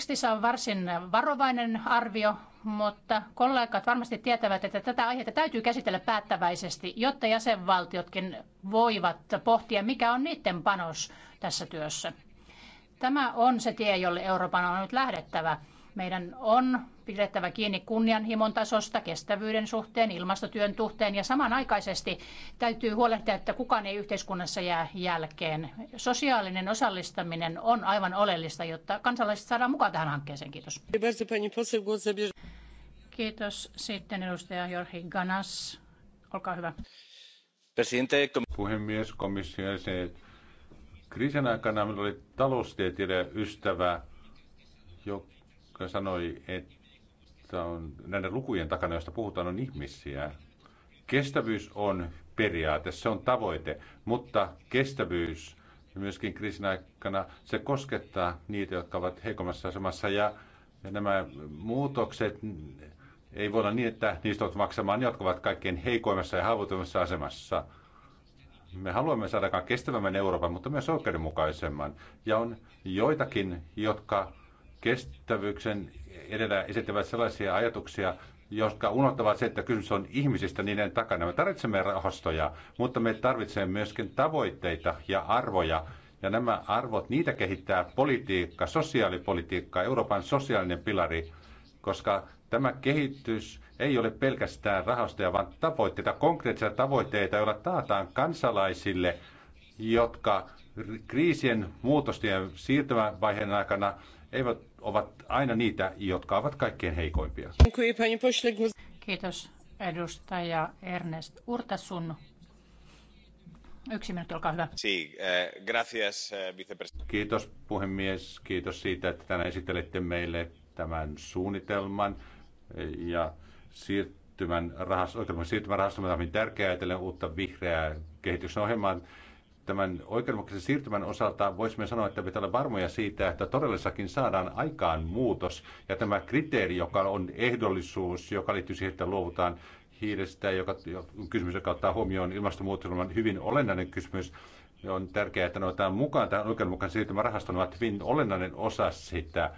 Tekstissä on varsin varovainen arvio, mutta kollegat varmasti tietävät, että tätä aihetta täytyy käsitellä päättäväisesti, jotta jäsenvaltiotkin voivat pohtia, mikä on niiden panos tässä työssä. Tämä on se tie, jolle Euroopan on nyt lähdettävä. Meidän on pidettävä kiinni kunnianhimon tasosta, kestävyyden suhteen, ilmastotyön suhteen ja samanaikaisesti täytyy huolehtia, että kukaan ei yhteiskunnassa jää jälkeen. Sosiaalinen osallistaminen on aivan oleellista, jotta kansalaiset saadaan mukaan tähän hankkeeseen. Kiitos. Kiitos. Sitten edustaja Jorhi Ganas. Olkaa hyvä. Puhemies, komissio että Kriisin aikana meillä oli taloustieteilijä ystävä, joka kun sanoi, että on näiden lukujen takana, joista puhutaan, on ihmisiä. Kestävyys on periaate, se on tavoite, mutta kestävyys myöskin kriisin aikana, se koskettaa niitä, jotka ovat heikommassa asemassa ja, ja nämä muutokset ei voi olla niin, että niistä ovat maksamaan ne, jotka ovat kaikkein heikoimmassa ja haavoittuvassa asemassa. Me haluamme saada kestävämmän Euroopan, mutta myös oikeudenmukaisemman. Ja on joitakin, jotka kestävyyksen edellä esittävät sellaisia ajatuksia, jotka unohtavat se, että kysymys on ihmisistä niiden takana. Me tarvitsemme rahastoja, mutta me tarvitsemme myöskin tavoitteita ja arvoja. Ja nämä arvot, niitä kehittää politiikka, sosiaalipolitiikka, Euroopan sosiaalinen pilari, koska tämä kehitys ei ole pelkästään rahastoja, vaan tavoitteita, konkreettisia tavoitteita, joilla taataan kansalaisille, jotka kriisien muutosten ja siirtymävaiheen aikana eivät, ovat aina niitä, jotka ovat kaikkein heikoimpia. Kiitos edustaja Ernest Urtasun. Yksi minuutti, olkaa hyvä. Eh, eh, kiitos puhemies, kiitos siitä, että tänään esittelitte meille tämän suunnitelman ja siirtymän rahaston, siirtymän rahaston on hyvin tärkeää ajatellen uutta vihreää kehitysohjelmaa tämän oikeudenmukaisen siirtymän osalta voisimme sanoa, että pitää olla varmoja siitä, että todellisakin saadaan aikaan muutos. Ja tämä kriteeri, joka on ehdollisuus, joka liittyy siihen, että luovutaan hiilestä, joka kysymys, joka ottaa huomioon ilmastonmuutoksen, hyvin olennainen kysymys. On tärkeää, että ne otetaan mukaan tämän oikeudenmukaisen siirtymän rahaston, ovat hyvin olennainen osa sitä.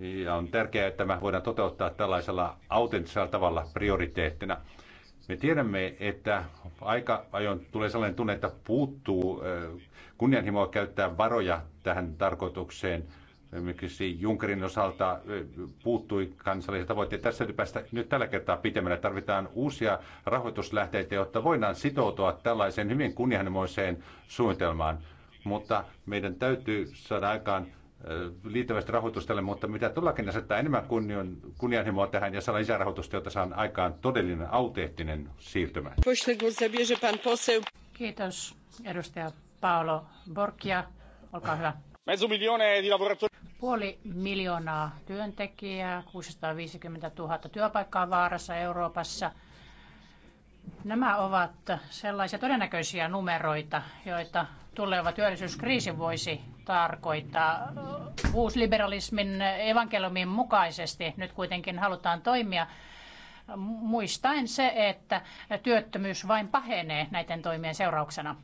Ja on tärkeää, että tämä voidaan toteuttaa tällaisella autenttisella tavalla prioriteettina. Me tiedämme, että aika ajoin tulee sellainen tunne, että puuttuu kunnianhimoa käyttää varoja tähän tarkoitukseen. Esimerkiksi Junckerin osalta puuttui kansalliset tavoitteet. Tässä päästä nyt tällä kertaa pitemmälle. Tarvitaan uusia rahoituslähteitä, jotta voidaan sitoutua tällaiseen hyvin kunnianhimoiseen suunnitelmaan. Mutta meidän täytyy saada aikaan liittävästi rahoitusta tälle, mutta mitä tullakin asettaa enemmän kunnion, kunnianhimoa tähän ja saada lisärahoitusta, jotta saan aikaan todellinen autehtinen siirtymä. Kiitos edustaja Paolo Borkia. Olkaa hyvä. Puoli miljoonaa työntekijää, 650 000 työpaikkaa vaarassa Euroopassa. Nämä ovat sellaisia todennäköisiä numeroita, joita tuleva työllisyyskriisi voisi tarkoittaa. Uusliberalismin evankeliumin mukaisesti nyt kuitenkin halutaan toimia muistaen se, että työttömyys vain pahenee näiden toimien seurauksena.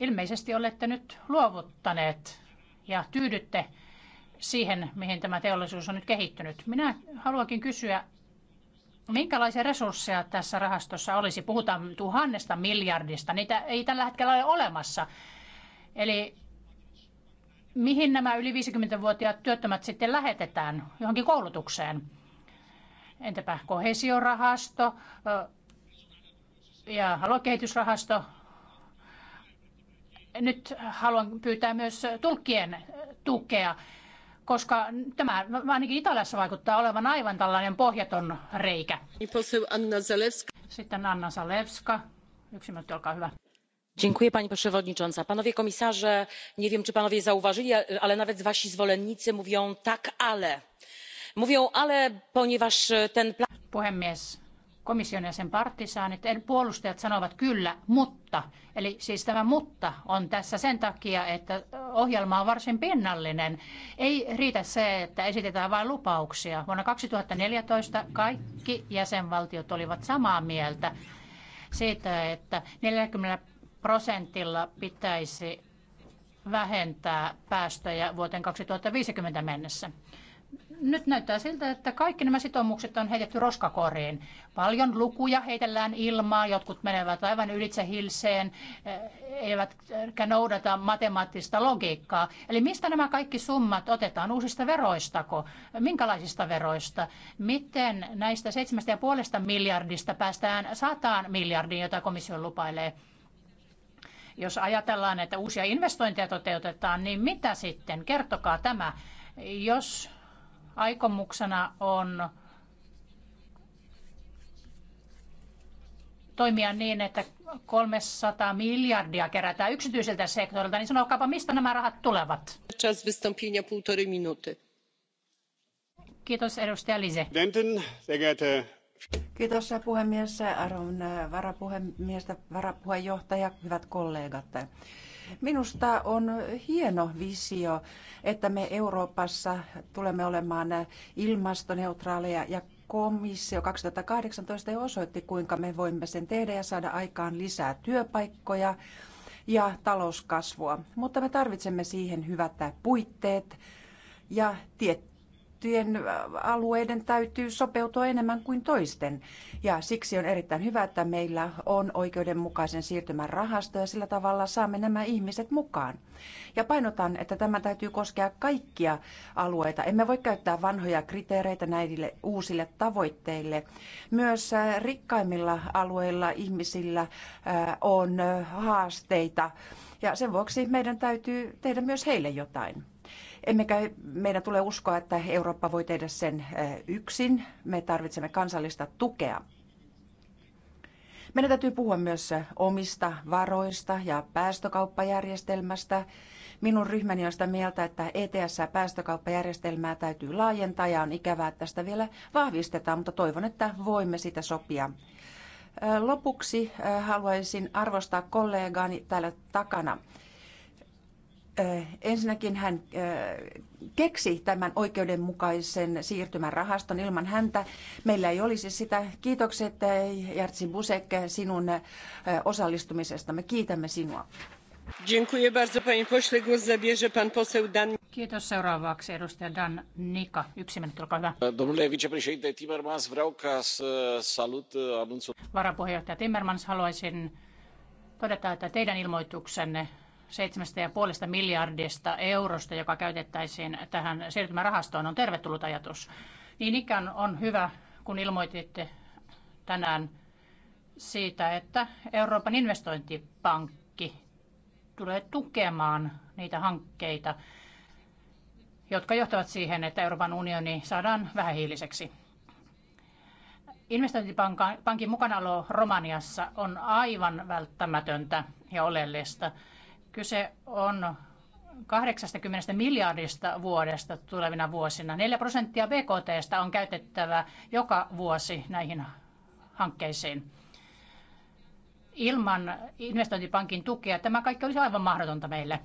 Ilmeisesti olette nyt luovuttaneet ja tyydytte siihen, mihin tämä teollisuus on nyt kehittynyt. Minä haluankin kysyä, minkälaisia resursseja tässä rahastossa olisi? Puhutaan tuhannesta miljardista, niitä ei tällä hetkellä ole olemassa. Eli mihin nämä yli 50-vuotiaat työttömät sitten lähetetään johonkin koulutukseen? Entäpä kohesiorahasto ja aluekehitysrahasto? Nyt haluan pyytää myös tulkkien tukea, koska tämä ainakin Italiassa vaikuttaa olevan aivan tällainen pohjaton reikä. Sitten Anna Zalewska. Yksi minuutti, olkaa hyvä pani przewodnicząca! panowie komisarze! nie wiem czy panowie zauważyli ale nawet wasi zwolennicy mówią tak ale. mówią ale ponieważ ten. plan. puhemies komission jäsen partisaanit eli puolustajat sanovat kyllä mutta eli siis tämä mutta on tässä sen takia että ohjelma on varsin pinnallinen. Ei riitä se, että esitetään vain lupauksia. Vuonna kaksituhatta neljätoista kaikki jäsenvaltiot olivat samaa mieltä siitä, että neljäkymmentä prosentilla pitäisi vähentää päästöjä vuoteen 2050 mennessä. Nyt näyttää siltä, että kaikki nämä sitoumukset on heitetty roskakoriin. Paljon lukuja heitellään ilmaa, jotkut menevät aivan ylitse hilseen, eh, eivätkä noudata matemaattista logiikkaa. Eli mistä nämä kaikki summat otetaan? Uusista veroistako? Minkälaisista veroista? Miten näistä 7,5 miljardista päästään 100 miljardiin, jota komissio lupailee? Jos ajatellaan, että uusia investointeja toteutetaan, niin mitä sitten? Kertokaa tämä. Jos aikomuksena on toimia niin, että 300 miljardia kerätään yksityiseltä sektorilta, niin sanokaapa, mistä nämä rahat tulevat? Kiitos edustaja Lise. Kiitos puhemies, arvon äh, varapuhemiestä, varapuheenjohtaja, hyvät kollegat. Minusta on hieno visio, että me Euroopassa tulemme olemaan ilmastoneutraaleja ja komissio 2018 jo osoitti, kuinka me voimme sen tehdä ja saada aikaan lisää työpaikkoja ja talouskasvua. Mutta me tarvitsemme siihen hyvät puitteet ja tiettyjä tiettyjen alueiden täytyy sopeutua enemmän kuin toisten. Ja siksi on erittäin hyvä, että meillä on oikeudenmukaisen siirtymän rahasto ja sillä tavalla saamme nämä ihmiset mukaan. Ja painotan, että tämä täytyy koskea kaikkia alueita. Emme voi käyttää vanhoja kriteereitä näille uusille tavoitteille. Myös rikkaimmilla alueilla ihmisillä on haasteita ja sen vuoksi meidän täytyy tehdä myös heille jotain. Emmekä meidän tule uskoa, että Eurooppa voi tehdä sen yksin. Me tarvitsemme kansallista tukea. Meidän täytyy puhua myös omista varoista ja päästökauppajärjestelmästä. Minun ryhmäni on sitä mieltä, että ETS- päästökauppajärjestelmää täytyy laajentaa ja on ikävää, että tästä vielä vahvistetaan, mutta toivon, että voimme sitä sopia. Lopuksi haluaisin arvostaa kollegaani täällä takana. Ensinnäkin hän keksi tämän oikeudenmukaisen siirtymän rahaston. Ilman häntä meillä ei olisi sitä. Kiitokset Jartsi Busek sinun osallistumisesta. Me kiitämme sinua. Kiitos. Seuraavaksi edustaja Dan Nika. Yksi minuutti, olkaa hyvä. Domnule vicepreședinte Timmermans, vreau ca salut anunțul. Varapuheenjohtaja Timmermans, haluaisin todeta, että teidän ilmoituksenne 7,5 miljardista eurosta, joka käytettäisiin tähän siirtymärahastoon, on tervetullut ajatus. Niin ikään on hyvä, kun ilmoititte tänään siitä, että Euroopan investointipankki tulee tukemaan niitä hankkeita, jotka johtavat siihen, että Euroopan unioni saadaan vähähiiliseksi. Investointipankin mukanaolo Romaniassa on aivan välttämätöntä ja oleellista. Kyse on 80 miljardista vuodesta tulevina vuosina. 4 prosenttia BKTstä on käytettävä joka vuosi näihin hankkeisiin. Ilman investointipankin tukea tämä kaikki olisi aivan mahdotonta meille.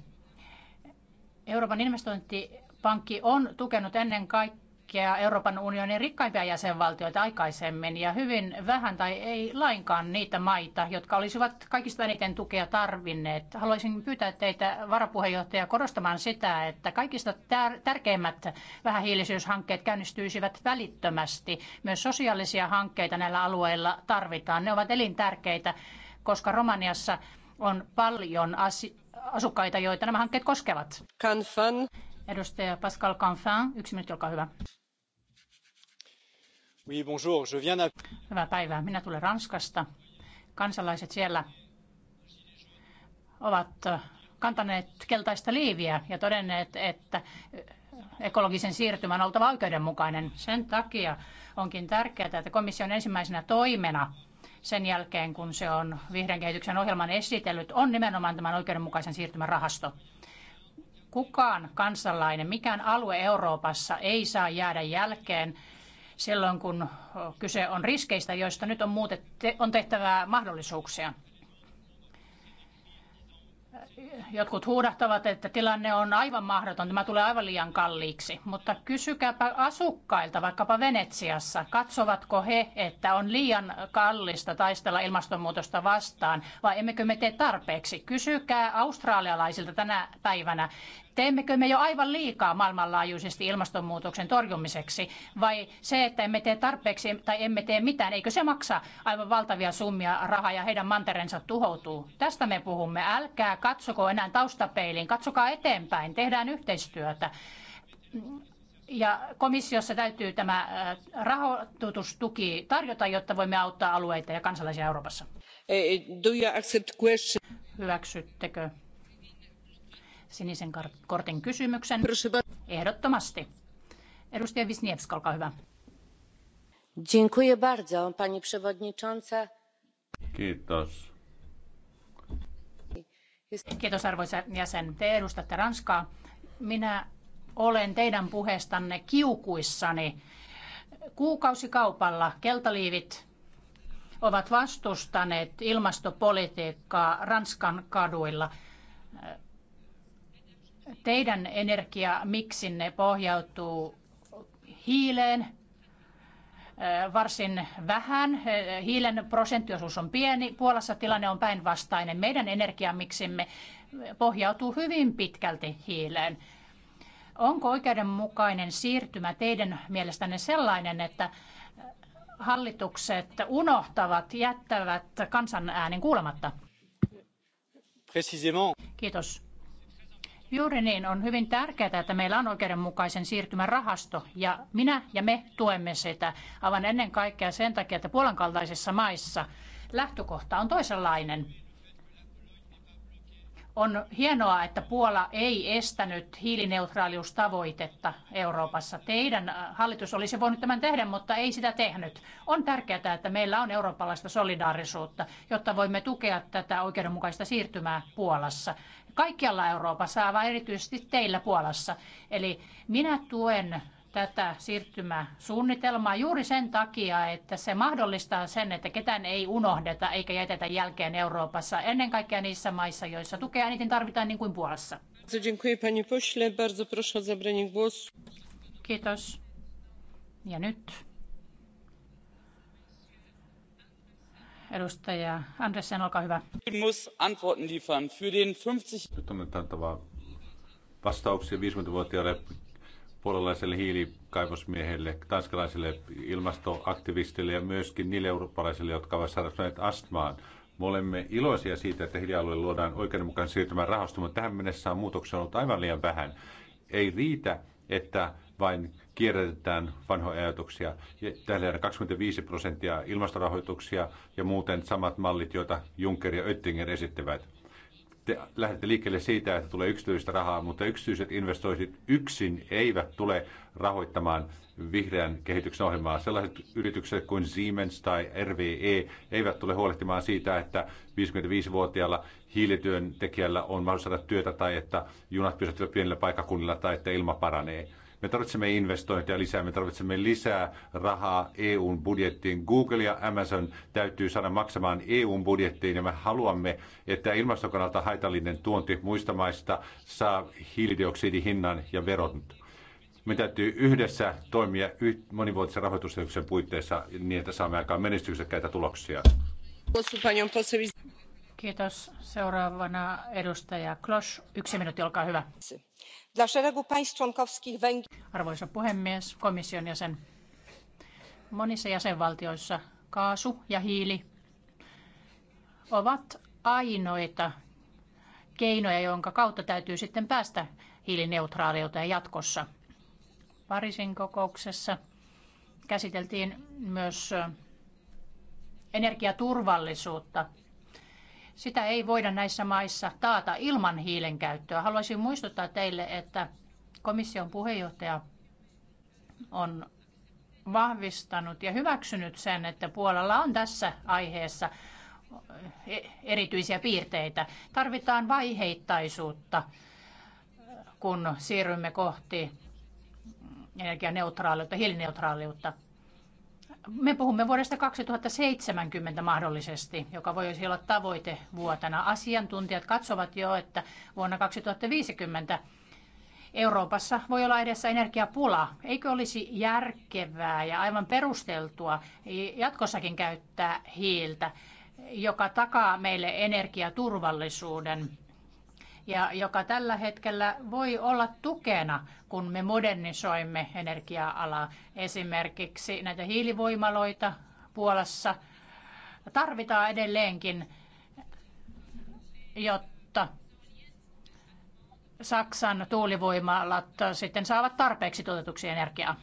Euroopan investointipankki on tukenut ennen kaikkea kaikkia Euroopan unionin rikkaimpia jäsenvaltioita aikaisemmin ja hyvin vähän tai ei lainkaan niitä maita, jotka olisivat kaikista eniten tukea tarvinneet. Haluaisin pyytää teitä varapuheenjohtaja korostamaan sitä, että kaikista tär- tärkeimmät vähähiilisyyshankkeet käynnistyisivät välittömästi. Myös sosiaalisia hankkeita näillä alueilla tarvitaan. Ne ovat elintärkeitä, koska Romaniassa on paljon asukkaita, joita nämä hankkeet koskevat. Kanfan. Edustaja Pascal Canfin, yksi minuutti, olkaa hyvä. Oui, bonjour. Je viens Hyvää päivää. Minä tulen Ranskasta. Kansalaiset siellä ovat kantaneet keltaista liiviä ja todenneet, että ekologisen siirtymän on oltava oikeudenmukainen. Sen takia onkin tärkeää, että komission ensimmäisenä toimena sen jälkeen, kun se on vihreän kehityksen ohjelman esitellyt, on nimenomaan tämän oikeudenmukaisen siirtymän rahasto. Kukaan kansalainen, mikään alue Euroopassa ei saa jäädä jälkeen silloin, kun kyse on riskeistä, joista nyt on, muutettu on tehtävää mahdollisuuksia. Jotkut huudahtavat, että tilanne on aivan mahdoton, tämä tulee aivan liian kalliiksi. Mutta kysykääpä asukkailta, vaikkapa Venetsiassa, katsovatko he, että on liian kallista taistella ilmastonmuutosta vastaan, vai emmekö me tee tarpeeksi? Kysykää australialaisilta tänä päivänä, Teemmekö me jo aivan liikaa maailmanlaajuisesti ilmastonmuutoksen torjumiseksi vai se, että emme tee tarpeeksi tai emme tee mitään, eikö se maksa aivan valtavia summia rahaa ja heidän mantereensa tuhoutuu? Tästä me puhumme. Älkää katsoko enää taustapeiliin, katsokaa eteenpäin, tehdään yhteistyötä. Ja komissiossa täytyy tämä äh, rahoitustuki tarjota, jotta voimme auttaa alueita ja kansalaisia Euroopassa. Eh, Hyväksyttekö sinisen kortin kysymyksen? Ehdottomasti. Edustaja Wisniewska, olkaa hyvä. Dziękuję bardzo, pani przewodnicząca. Kiitos. Kiitos arvoisa jäsen. Te edustatte Ranskaa. Minä olen teidän puheestanne kiukuissani. Kuukausikaupalla keltaliivit ovat vastustaneet ilmastopolitiikkaa Ranskan kaduilla – teidän energiamiksinne pohjautuu hiileen, äh, varsin vähän. Äh, hiilen prosenttiosuus on pieni. Puolassa tilanne on päinvastainen. Meidän energiamiksimme pohjautuu hyvin pitkälti hiileen. Onko oikeudenmukainen siirtymä teidän mielestänne sellainen, että hallitukset unohtavat, jättävät kansan äänen kuulematta? Kiitos Juuri niin, on hyvin tärkeää, että meillä on oikeudenmukaisen siirtymän rahasto ja minä ja me tuemme sitä aivan ennen kaikkea sen takia, että Puolan kaltaisissa maissa lähtökohta on toisenlainen. On hienoa, että Puola ei estänyt hiilineutraaliustavoitetta Euroopassa. Teidän äh, hallitus olisi voinut tämän tehdä, mutta ei sitä tehnyt. On tärkeää, että meillä on eurooppalaista solidaarisuutta, jotta voimme tukea tätä oikeudenmukaista siirtymää Puolassa kaikkialla Euroopassa, aivan erityisesti teillä Puolassa. Eli minä tuen tätä siirtymäsuunnitelmaa juuri sen takia, että se mahdollistaa sen, että ketään ei unohdeta eikä jätetä jälkeen Euroopassa, ennen kaikkea niissä maissa, joissa tukea eniten tarvitaan, niin kuin Puolassa. Kiitos. Ja nyt Edustaja Andersen, olkaa hyvä. Nyt on nyt antava vastauksia 50-vuotiaalle puolalaiselle hiilikaivosmiehelle, tanskalaiselle ilmastoaktivistille ja myöskin niille eurooppalaisille, jotka ovat sairastuneet astmaan. Me olemme iloisia siitä, että hiilialueelle luodaan oikeudenmukainen siirtymän rahasto, mutta tähän mennessä on muutoksia ollut aivan liian vähän. Ei riitä, että vain kierrätetään vanhoja ajatuksia. Tällä 25 prosenttia ilmastorahoituksia ja muuten samat mallit, joita Juncker ja Oettinger esittävät. Te lähdette liikkeelle siitä, että tulee yksityistä rahaa, mutta yksityiset investoinnit yksin eivät tule rahoittamaan vihreän kehityksen ohjelmaa. Sellaiset yritykset kuin Siemens tai RVE eivät tule huolehtimaan siitä, että 55-vuotiaalla hiilityöntekijällä on mahdollisuus saada työtä tai että junat pysähtyvät pienellä paikakunnilla tai että ilma paranee me tarvitsemme investointeja lisää, me tarvitsemme lisää rahaa EUn budjettiin. Google ja Amazon täytyy saada maksamaan EUn budjettiin ja me haluamme, että ilmastokannalta haitallinen tuonti muista maista saa hiilidioksidihinnan ja veron. Me täytyy yhdessä toimia monivuotisen rahoituskehyksen puitteissa niin, että saamme aikaan menestyksekkäitä tuloksia. Kiitos. Seuraavana edustaja Klos. Yksi minuutti, olkaa hyvä. Arvoisa puhemies, komission jäsen. Monissa jäsenvaltioissa kaasu ja hiili ovat ainoita keinoja, jonka kautta täytyy sitten päästä hiilineutraaliuteen jatkossa. Pariisin kokouksessa käsiteltiin myös energiaturvallisuutta – sitä ei voida näissä maissa taata ilman hiilen käyttöä. Haluaisin muistuttaa teille, että komission puheenjohtaja on vahvistanut ja hyväksynyt sen, että Puolalla on tässä aiheessa e-, erityisiä piirteitä. Tarvitaan vaiheittaisuutta, kun siirrymme kohti energianeutraaliutta, hiilineutraaliutta me puhumme vuodesta 2070 mahdollisesti, joka voisi siis olla tavoite vuotena. Asiantuntijat katsovat jo, että vuonna 2050 Euroopassa voi olla edessä energiapula. Eikö olisi järkevää ja aivan perusteltua jatkossakin käyttää hiiltä, joka takaa meille energiaturvallisuuden? ja joka tällä hetkellä voi olla tukena, kun me modernisoimme energia-alaa. Esimerkiksi näitä hiilivoimaloita Puolassa tarvitaan edelleenkin, jotta Saksan tuulivoimalat sitten saavat tarpeeksi tuotetuksi energiaa.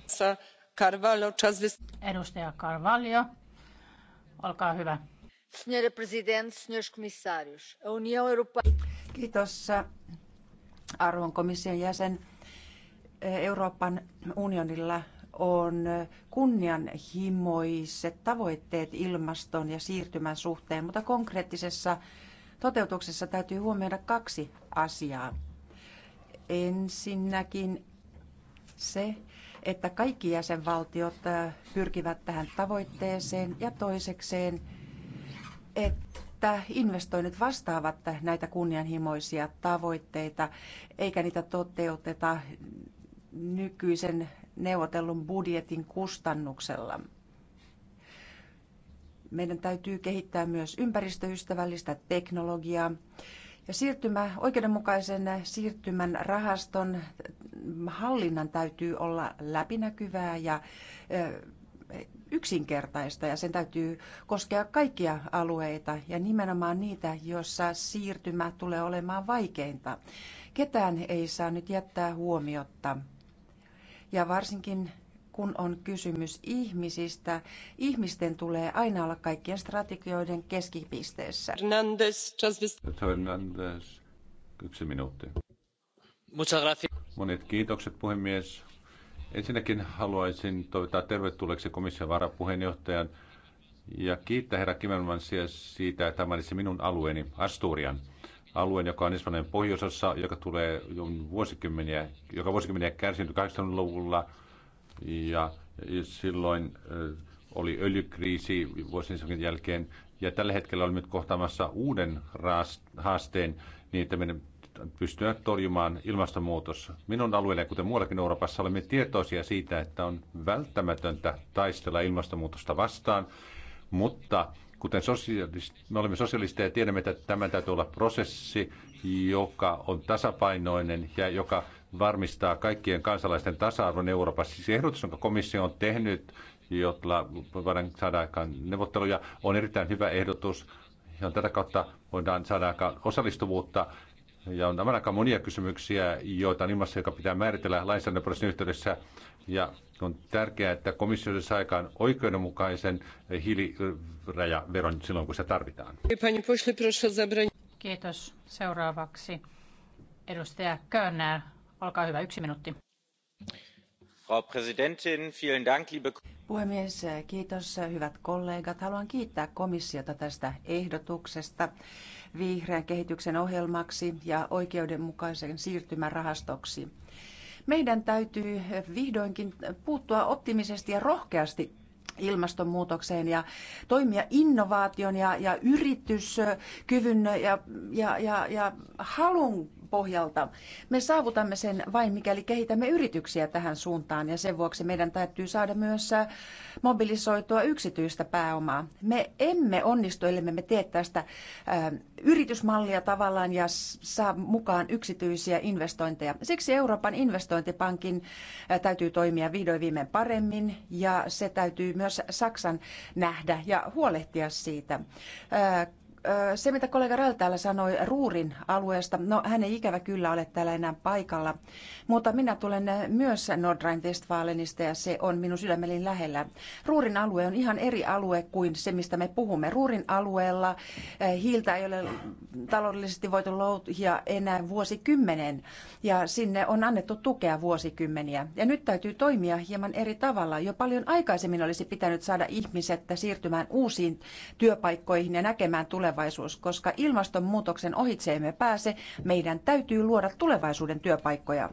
Edustaja Carvalho, olkaa hyvä. Signora Presidente, signori commissarios, a União Europeia Kiitos arvon komission jäsen. Euroopan unionilla on kunnianhimoiset tavoitteet ilmaston ja siirtymän suhteen, mutta konkreettisessa toteutuksessa täytyy huomioida kaksi asiaa. Ensinnäkin se, että kaikki jäsenvaltiot äh, pyrkivät tähän tavoitteeseen ja toisekseen, että että investoinnit vastaavat näitä kunnianhimoisia tavoitteita, eikä niitä toteuteta nykyisen neuvotellun budjetin kustannuksella. Meidän täytyy kehittää myös ympäristöystävällistä teknologiaa. Ja siirtymä, oikeudenmukaisen siirtymän rahaston hallinnan täytyy olla läpinäkyvää ja yksinkertaista ja sen täytyy koskea kaikkia alueita ja nimenomaan niitä, joissa siirtymä tulee olemaan vaikeinta. Ketään ei saa nyt jättää huomiotta. Ja varsinkin kun on kysymys ihmisistä, ihmisten tulee aina olla kaikkien strategioiden keskipisteessä. Hernandez, Hernandez yksi minuutti. Monet kiitokset puhemies. Ensinnäkin haluaisin toivottaa tervetulleeksi komission varapuheenjohtajan ja kiittää herra Kimmelmansia siitä, että mainitsi minun alueeni Asturian. Alueen, joka on Espanjan pohjoisessa, joka tulee jo vuosikymmeniä, joka vuosikymmeniä kärsinyt 80-luvulla ja silloin oli öljykriisi vuosien jälkeen. Ja tällä hetkellä olemme kohtaamassa uuden haasteen niin, että meidän pystyä torjumaan ilmastonmuutos. Minun alueelleni, kuten muuallakin Euroopassa, olemme tietoisia siitä, että on välttämätöntä taistella ilmastonmuutosta vastaan, mutta kuten sosialist, me olemme sosialisteja ja tiedämme, että tämä täytyy olla prosessi, joka on tasapainoinen ja joka varmistaa kaikkien kansalaisten tasa-arvon Euroopassa. Se siis ehdotus, jonka komissio on tehnyt, jotta voidaan saada aikaan neuvotteluja, on erittäin hyvä ehdotus. Ja tätä kautta voidaan saada aikaan osallistuvuutta ja on tämän aika monia kysymyksiä, joita on ilmassa, joka pitää määritellä lainsäädäntöprosessin yhteydessä. Ja on tärkeää, että komissio saa aikaan oikeudenmukaisen hiilirajaveron silloin, kun se tarvitaan. Kiitos. Seuraavaksi edustaja Könnär. Olkaa hyvä, yksi minuutti. Frau Puhemies, kiitos hyvät kollegat. Haluan kiittää komissiota tästä ehdotuksesta vihreän kehityksen ohjelmaksi ja oikeudenmukaisen siirtymän rahastoksi. Meidän täytyy vihdoinkin puuttua optimisesti ja rohkeasti ilmastonmuutokseen ja toimia innovaation ja, ja yrityskyvyn ja, ja, ja, ja halun pohjalta. Me saavutamme sen vain, mikäli kehitämme yrityksiä tähän suuntaan ja sen vuoksi meidän täytyy saada myös mobilisoitua yksityistä pääomaa. Me emme onnistu, ellei me tee tästä ä, yritysmallia tavallaan ja saa mukaan yksityisiä investointeja. Siksi Euroopan investointipankin ä, täytyy toimia vihdoin viimein paremmin ja se täytyy myös myös Saksan nähdä ja huolehtia siitä se, mitä kollega Rall täällä sanoi Ruurin alueesta, no hän ei ikävä kyllä ole täällä enää paikalla, mutta minä tulen myös Nordrhein-Westfalenista ja se on minun sydämeni lähellä. Ruurin alue on ihan eri alue kuin se, mistä me puhumme. Ruurin alueella hiiltä ei ole taloudellisesti voitu louhia enää vuosikymmenen ja sinne on annettu tukea vuosikymmeniä. Ja nyt täytyy toimia hieman eri tavalla. Jo paljon aikaisemmin olisi pitänyt saada ihmiset siirtymään uusiin työpaikkoihin ja näkemään tulevaisuutta tulevaisuus, koska ilmastonmuutoksen ohitse emme pääse. Meidän täytyy luoda tulevaisuuden työpaikkoja.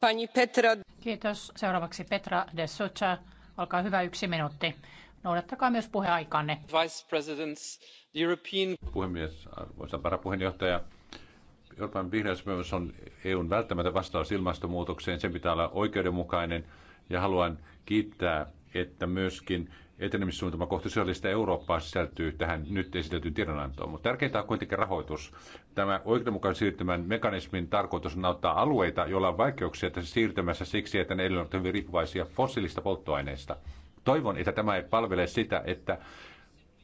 Pani Petra. Kiitos. Seuraavaksi Petra de Sucha. Olkaa hyvä yksi minuutti. Noudattakaa myös puheaikanne. Vice Presidents, the European... Puhemies, arvoisa varapuheenjohtaja. Euroopan vihreysmyömys on EUn välttämätön vastaus ilmastonmuutokseen. Sen pitää olla oikeudenmukainen ja haluan kiittää, että myöskin etenemissuunnitelma kohti sosiaalista Eurooppaa sisältyy tähän nyt esitettyyn tiedonantoon. Mutta tärkeintä on kuitenkin rahoitus. Tämä oikeudenmukaisen siirtymän mekanismin tarkoitus on auttaa alueita, joilla on vaikeuksia tässä siirtymässä siksi, että ne ovat hyvin riippuvaisia fossiilista polttoaineista. Toivon, että tämä ei palvele sitä, että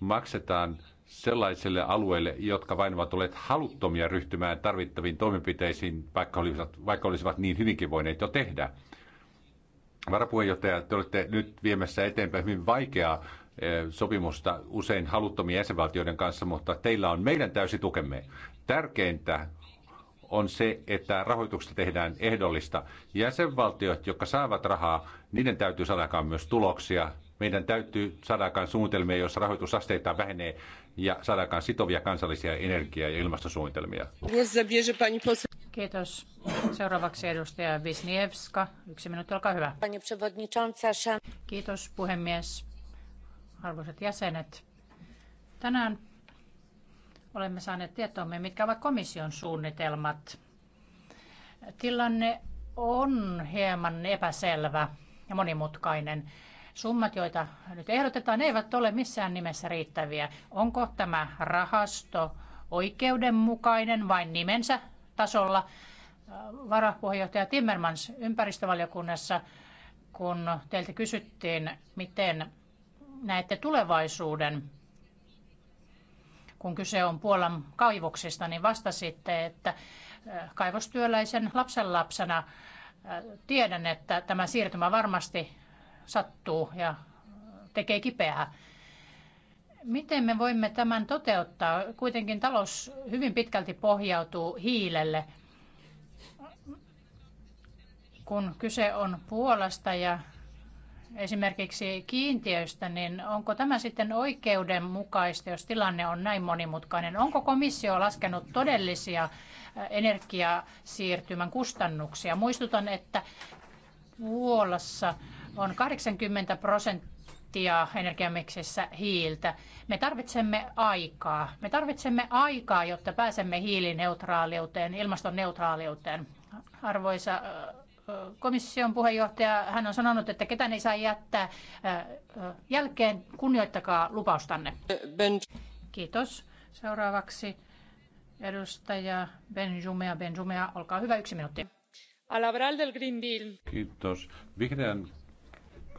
maksetaan sellaisille alueille, jotka vain ovat olleet haluttomia ryhtymään tarvittaviin toimenpiteisiin, vaikka olisivat, vaikka olisivat niin hyvinkin voineet jo tehdä varapuheenjohtaja, te olette nyt viemässä eteenpäin hyvin vaikeaa eh, sopimusta usein haluttomien jäsenvaltioiden kanssa, mutta teillä on meidän täysi tukemme. Tärkeintä on se, että rahoituksesta tehdään ehdollista. Jäsenvaltiot, jotka saavat rahaa, niiden täytyy saada myös tuloksia. Meidän täytyy saada suunnitelmia, joissa rahoitusasteita vähenee ja saadaan sitovia kansallisia energia- ja ilmastosuunnitelmia. Kiitos. Seuraavaksi edustaja Wisniewska. Yksi minuutti, olkaa hyvä. Kiitos puhemies. Arvoisat jäsenet. Tänään olemme saaneet tietoomme, mitkä ovat komission suunnitelmat. Tilanne on hieman epäselvä ja monimutkainen. Summat, joita nyt ehdotetaan, eivät ole missään nimessä riittäviä. Onko tämä rahasto oikeudenmukainen vain nimensä tasolla. Varapuheenjohtaja Timmermans ympäristövaliokunnassa, kun teiltä kysyttiin, miten näette tulevaisuuden, kun kyse on Puolan kaivoksista, niin vastasitte, että kaivostyöläisen lapsenlapsena tiedän, että tämä siirtymä varmasti sattuu ja tekee kipeää. Miten me voimme tämän toteuttaa? Kuitenkin talous hyvin pitkälti pohjautuu hiilelle. Kun kyse on Puolasta ja esimerkiksi kiintiöistä, niin onko tämä sitten oikeudenmukaista, jos tilanne on näin monimutkainen? Onko komissio laskenut todellisia energiasiirtymän kustannuksia? Muistutan, että Puolassa on 80 prosenttia prosenttia energiamiksissä hiiltä. Me tarvitsemme aikaa. Me tarvitsemme aikaa, jotta pääsemme hiilineutraaliuteen, ilmastoneutraaliuteen. Arvoisa komission puheenjohtaja, hän on sanonut, että ketään ei saa jättää jälkeen. Kunnioittakaa lupaustanne. Kiitos. Seuraavaksi edustaja Benjumea. Benjumea, olkaa hyvä, yksi minuutti. Kiitos. Vihreän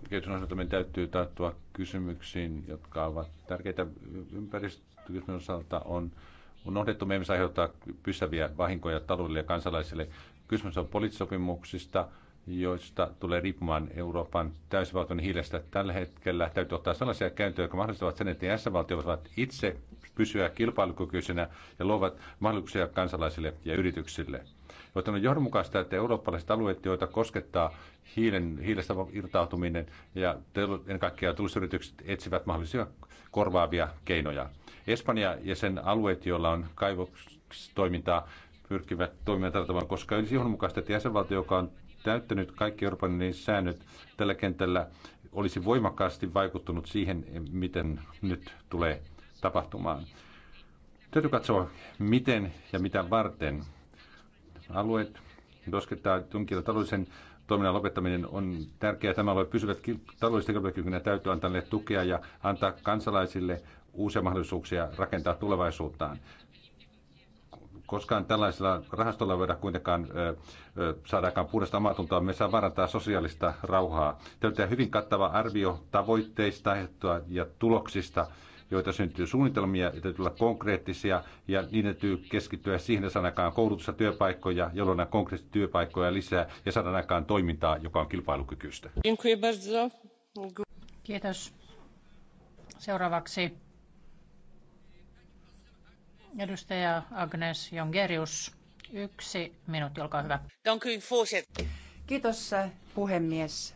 Ketjun osalta täytyy tarttua kysymyksiin, jotka ovat tärkeitä ympäristökysymyksen osalta. On unohdettu, me emme saa aiheuttaa pysyviä vahinkoja taloudelle ja kansalaisille. Kysymys on poliittisopimuksista, joista tulee riippumaan Euroopan täysivaltainen hiilestä tällä hetkellä. Täytyy ottaa sellaisia käyntöjä, jotka mahdollistavat sen, että jäsenvaltiot voivat itse pysyä kilpailukykyisenä ja luovat mahdollisuuksia kansalaisille ja yrityksille. Joten on johdonmukaista, että eurooppalaiset alueet, joita koskettaa hiilen, hiilestä irtautuminen ja ennen kaikkea tulisyritykset etsivät mahdollisia korvaavia keinoja. Espanja ja sen alueet, joilla on kaivostoimintaa, pyrkivät toimimaan tällä tavalla, koska olisi johdonmukaista, että jäsenvaltio, joka on täyttänyt kaikki Euroopan niin säännöt tällä kentällä, olisi voimakkaasti vaikuttunut siihen, miten nyt tulee tapahtumaan. Täytyy katsoa, miten ja mitä varten alueet. Koskettaa Tunkilla taloudellisen toiminnan lopettaminen on tärkeää. Tämä alue pysyvät taloudellisten kilpailukykynä täytyy antaa tukea ja antaa kansalaisille uusia mahdollisuuksia rakentaa tulevaisuuttaan koskaan tällaisella rahastolla voida kuitenkaan ö, ö, saadaakaan puhdasta omatuntoa, me saa varantaa sosiaalista rauhaa. Täytyy hyvin kattava arvio tavoitteista ja tuloksista joita syntyy suunnitelmia, ja täytyy olla konkreettisia, ja niin täytyy keskittyä siihen, että saadaan koulutusta työpaikkoja, jolloin nämä konkreettisia työpaikkoja lisää, ja saadaan aikaan toimintaa, joka on kilpailukykyistä. Kiitos. Seuraavaksi edustaja Agnes Jongerius. Yksi minuutti, olkaa hyvä. Kiitos eh, puhemies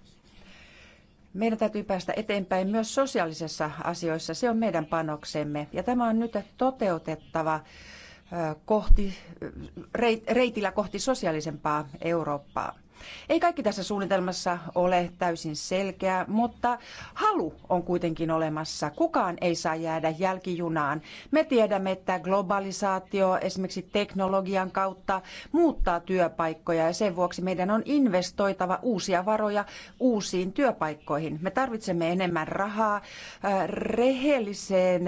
meidän täytyy päästä eteenpäin myös sosiaalisessa asioissa. Se on meidän panoksemme. Ja tämä on nyt toteutettava kohti, reitillä kohti sosiaalisempaa Eurooppaa. Ei kaikki tässä suunnitelmassa ole täysin selkeä, mutta halu on kuitenkin olemassa. Kukaan ei saa jäädä jälkijunaan. Me tiedämme, että globalisaatio esimerkiksi teknologian kautta muuttaa työpaikkoja ja sen vuoksi meidän on investoitava uusia varoja uusiin työpaikkoihin. Me tarvitsemme enemmän rahaa rehelliseen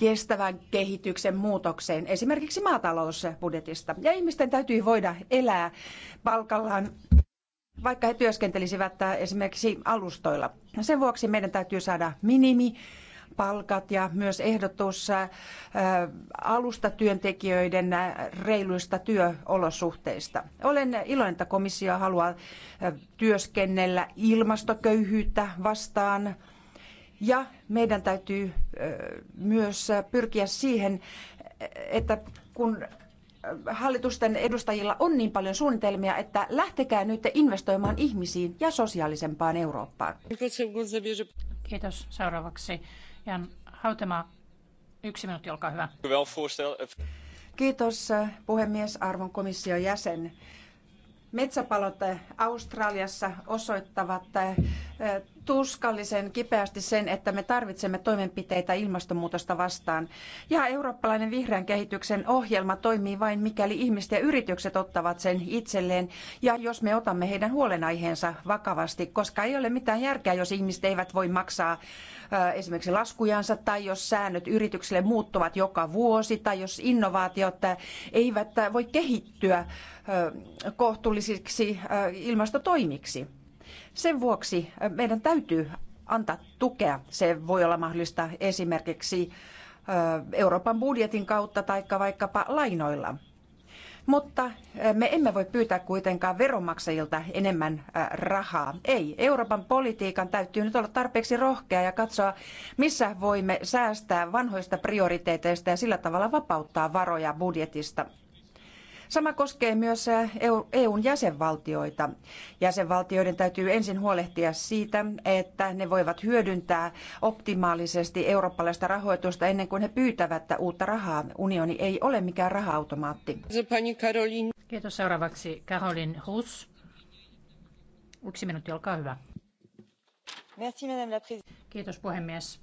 kestävän kehityksen muutokseen, esimerkiksi maatalousbudjetista. Ja ihmisten täytyy voida elää palkallaan, vaikka he työskentelisivät esimerkiksi alustoilla. Sen vuoksi meidän täytyy saada minimi palkat ja myös ehdotus äh, alustatyöntekijöiden reiluista työolosuhteista. Olen iloinen, että komissio haluaa äh, työskennellä ilmastoköyhyyttä vastaan ja meidän täytyy myös pyrkiä siihen, että kun hallitusten edustajilla on niin paljon suunnitelmia, että lähtekää nyt investoimaan ihmisiin ja sosiaalisempaan Eurooppaan. Kiitos. Seuraavaksi Jan Hautema. Yksi minuutti, olkaa hyvä. Kiitos puhemies, arvon komission jäsen. Metsäpalot Australiassa osoittavat tuskallisen kipeästi sen, että me tarvitsemme toimenpiteitä ilmastonmuutosta vastaan. Ja eurooppalainen vihreän kehityksen ohjelma toimii vain mikäli ihmiset ja yritykset ottavat sen itselleen ja jos me otamme heidän huolenaiheensa vakavasti, koska ei ole mitään järkeä, jos ihmiset eivät voi maksaa esimerkiksi laskujansa tai jos säännöt yrityksille muuttuvat joka vuosi tai jos innovaatiot eivät voi kehittyä kohtuullisiksi ilmastotoimiksi. Sen vuoksi meidän täytyy antaa tukea. Se voi olla mahdollista esimerkiksi Euroopan budjetin kautta tai vaikkapa lainoilla. Mutta me emme voi pyytää kuitenkaan veronmaksajilta enemmän rahaa. Ei, Euroopan politiikan täytyy nyt olla tarpeeksi rohkea ja katsoa, missä voimme säästää vanhoista prioriteeteista ja sillä tavalla vapauttaa varoja budjetista. Sama koskee myös EUn jäsenvaltioita. Jäsenvaltioiden täytyy ensin huolehtia siitä, että ne voivat hyödyntää optimaalisesti eurooppalaista rahoitusta ennen kuin he pyytävät uutta rahaa. Unioni ei ole mikään raha-automaatti. Kiitos seuraavaksi Karolin Hus. Yksi minuutti, olkaa hyvä. Kiitos puhemies.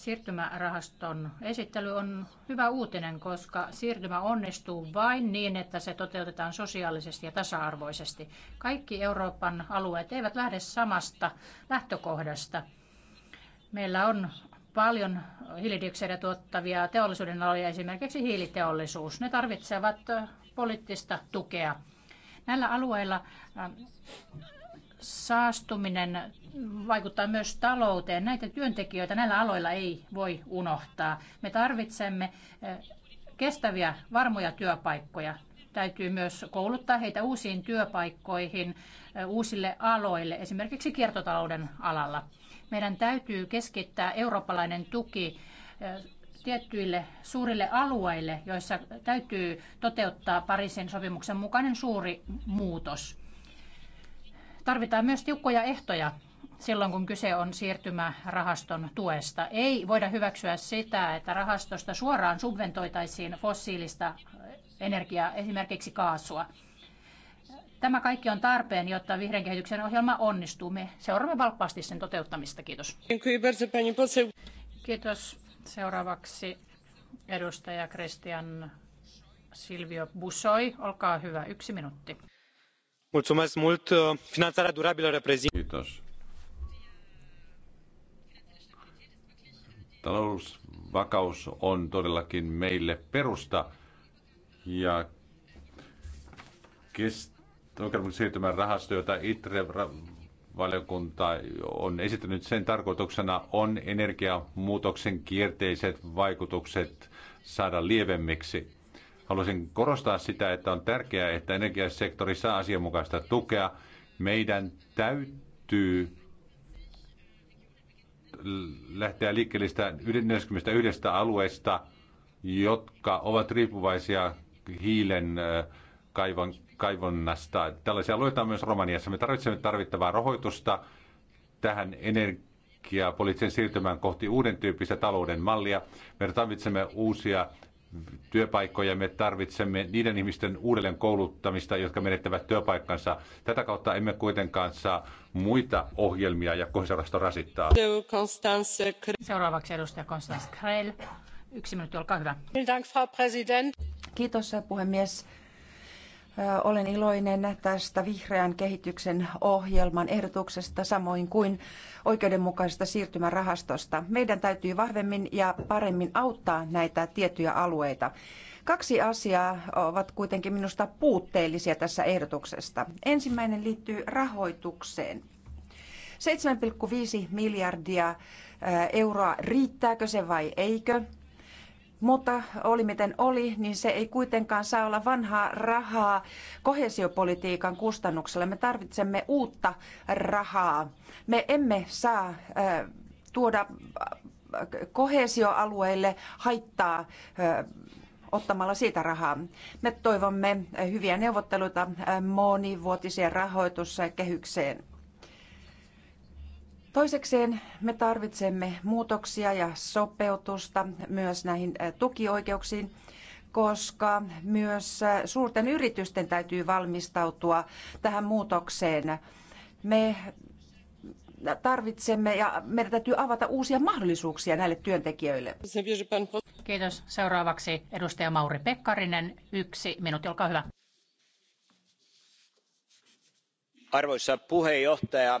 Siirtymärahaston esittely on hyvä uutinen, koska siirtymä onnistuu vain niin, että se toteutetaan sosiaalisesti ja tasa-arvoisesti. Kaikki Euroopan alueet eivät lähde samasta lähtökohdasta. Meillä on paljon hiilidioksidia tuottavia teollisuuden aloja, esimerkiksi hiiliteollisuus. Ne tarvitsevat poliittista tukea. Näillä alueilla saastuminen vaikuttaa myös talouteen. Näitä työntekijöitä näillä aloilla ei voi unohtaa. Me tarvitsemme eh, kestäviä, varmoja työpaikkoja. Täytyy myös kouluttaa heitä uusiin työpaikkoihin, eh, uusille aloille, esimerkiksi kiertotalouden alalla. Meidän täytyy keskittää eurooppalainen tuki eh, tiettyille suurille alueille, joissa täytyy toteuttaa Pariisin sopimuksen mukainen suuri muutos. Tarvitaan myös tiukkoja ehtoja silloin, kun kyse on siirtymärahaston tuesta. Ei voida hyväksyä sitä, että rahastosta suoraan subventoitaisiin fossiilista energiaa, esimerkiksi kaasua. Tämä kaikki on tarpeen, jotta vihreän kehityksen ohjelma onnistuu. Me seuraamme valppaasti sen toteuttamista. Kiitos. Kiitos. Seuraavaksi edustaja Christian Silvio Busoi. Olkaa hyvä, yksi minuutti. Mulțumesc mult. Finanțarea durabilă reprezintă... Kiitos. Talousvakaus on todellakin meille perusta ja oikeudenmukaisen siirtymän rahasto, jota ITRE valiokunta on esittänyt sen tarkoituksena on energiamuutoksen kierteiset vaikutukset saada lievemmiksi. Haluaisin korostaa sitä, että on tärkeää, että energiasektori saa asianmukaista tukea. Meidän täytyy lähteä liikkeelle 41 alueesta, jotka ovat riippuvaisia hiilen kaivon, kaivonnasta. Tällaisia alueita on myös Romaniassa. Me tarvitsemme tarvittavaa rahoitusta tähän energiapoliittiseen siirtymään kohti uuden tyyppistä talouden mallia. Me tarvitsemme uusia työpaikkoja, me tarvitsemme niiden ihmisten uudelleen kouluttamista, jotka menettävät työpaikkansa. Tätä kautta emme kuitenkaan saa muita ohjelmia ja kohdistusta rasittaa. Seuraavaksi edustaja Krell. Yksi minuutti, olkaa hyvä. Kiitos puhemies olen iloinen tästä vihreän kehityksen ohjelman ehdotuksesta samoin kuin oikeudenmukaisesta siirtymärahastosta. Meidän täytyy vahvemmin ja paremmin auttaa näitä tiettyjä alueita. Kaksi asiaa ovat kuitenkin minusta puutteellisia tässä ehdotuksesta. Ensimmäinen liittyy rahoitukseen. 7,5 miljardia euroa, riittääkö se vai eikö? Mutta oli miten oli, niin se ei kuitenkaan saa olla vanhaa rahaa kohesiopolitiikan kustannuksella. Me tarvitsemme uutta rahaa. Me emme saa tuoda kohesioalueille haittaa ottamalla siitä rahaa. Me toivomme hyviä neuvotteluita monivuotiseen rahoituskehykseen. Toisekseen me tarvitsemme muutoksia ja sopeutusta myös näihin tukioikeuksiin, koska myös suurten yritysten täytyy valmistautua tähän muutokseen. Me tarvitsemme ja meidän täytyy avata uusia mahdollisuuksia näille työntekijöille. Kiitos. Seuraavaksi edustaja Mauri Pekkarinen. Yksi minuutti, olkaa hyvä. Arvoisa puheenjohtaja,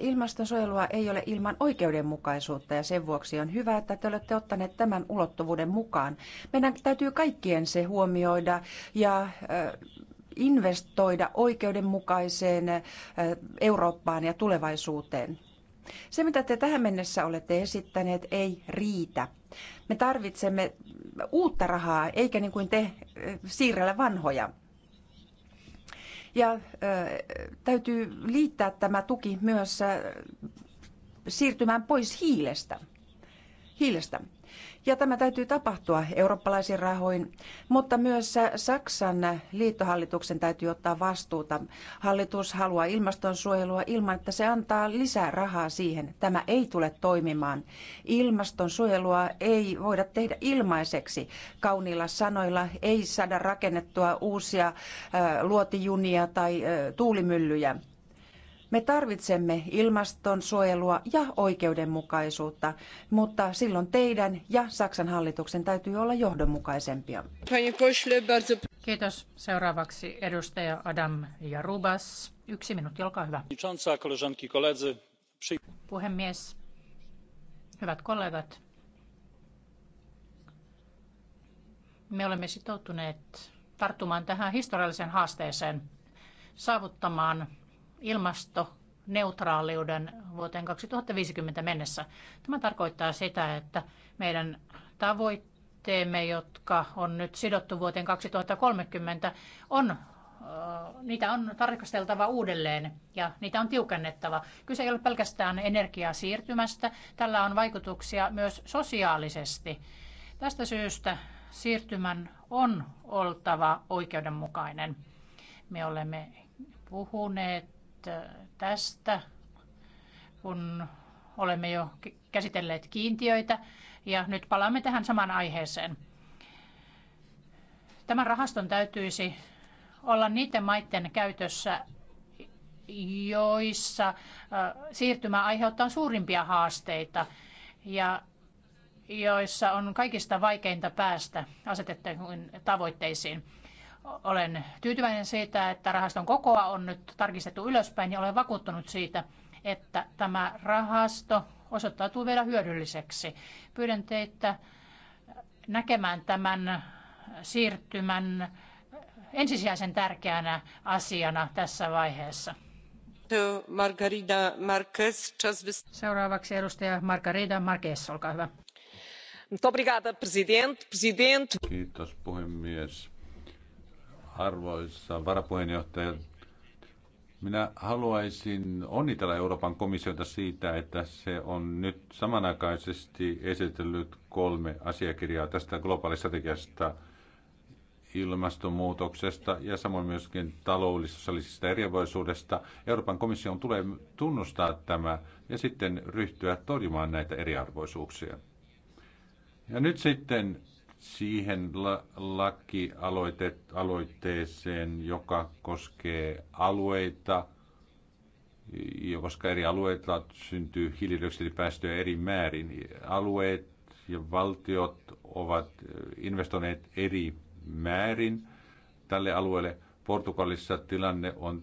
Ilmastonsuojelua ei ole ilman oikeudenmukaisuutta ja sen vuoksi on hyvä, että te olette ottaneet tämän ulottuvuuden mukaan. Meidän täytyy kaikkien se huomioida ja investoida oikeudenmukaiseen Eurooppaan ja tulevaisuuteen. Se, mitä te tähän mennessä olette esittäneet, ei riitä. Me tarvitsemme uutta rahaa, eikä niin kuin te siirrellä vanhoja. Ja täytyy liittää tämä tuki myös siirtymään pois hiilestä. hiilestä. Ja tämä täytyy tapahtua eurooppalaisin rahoin, mutta myös Saksan liittohallituksen täytyy ottaa vastuuta. Hallitus haluaa ilmastonsuojelua ilman, että se antaa lisää rahaa siihen. Tämä ei tule toimimaan. Ilmastonsuojelua ei voida tehdä ilmaiseksi. Kauniilla sanoilla ei saada rakennettua uusia luotijunia tai tuulimyllyjä me tarvitsemme ilmastonsuojelua ja oikeudenmukaisuutta, mutta silloin teidän ja Saksan hallituksen täytyy olla johdonmukaisempia. Kiitos. Seuraavaksi edustaja Adam Jarubas. Yksi minuutti, olkaa hyvä. Puhemies, hyvät kollegat, me olemme sitoutuneet tarttumaan tähän historialliseen haasteeseen, saavuttamaan ilmastoneutraaliuden vuoteen 2050 mennessä. Tämä tarkoittaa sitä, että meidän tavoitteemme, jotka on nyt sidottu vuoteen 2030, on niitä on tarkasteltava uudelleen ja niitä on tiukennettava. Kyse ei ole pelkästään energiasiirtymästä, tällä on vaikutuksia myös sosiaalisesti. Tästä syystä siirtymän on oltava oikeudenmukainen. Me olemme puhuneet tästä, kun olemme jo käsitelleet kiintiöitä ja nyt palaamme tähän samaan aiheeseen. Tämän rahaston täytyisi olla niiden maiden käytössä, joissa siirtymä aiheuttaa suurimpia haasteita ja joissa on kaikista vaikeinta päästä asetettuihin tavoitteisiin. Olen tyytyväinen siitä, että rahaston kokoa on nyt tarkistettu ylöspäin ja olen vakuuttunut siitä, että tämä rahasto osoittautuu vielä hyödylliseksi. Pyydän teitä näkemään tämän siirtymän ensisijaisen tärkeänä asiana tässä vaiheessa. Margarida Marquez, Seuraavaksi edustaja Margarida Marquez, olkaa hyvä. Kiitos puhemies. Arvoisa varapuheenjohtaja, minä haluaisin onnitella Euroopan komissiota siitä, että se on nyt samanaikaisesti esitellyt kolme asiakirjaa tästä globaalistrategiasta ilmastonmuutoksesta ja samoin myöskin taloudellisesta eriarvoisuudesta. Euroopan on tulee tunnustaa tämä ja sitten ryhtyä torjumaan näitä eriarvoisuuksia. Ja nyt sitten siihen la- lakialoitteeseen, joka koskee alueita, ja koska eri alueilla syntyy hiilidioksidipäästöjä eri määrin. Alueet ja valtiot ovat investoineet eri määrin tälle alueelle. Portugalissa tilanne on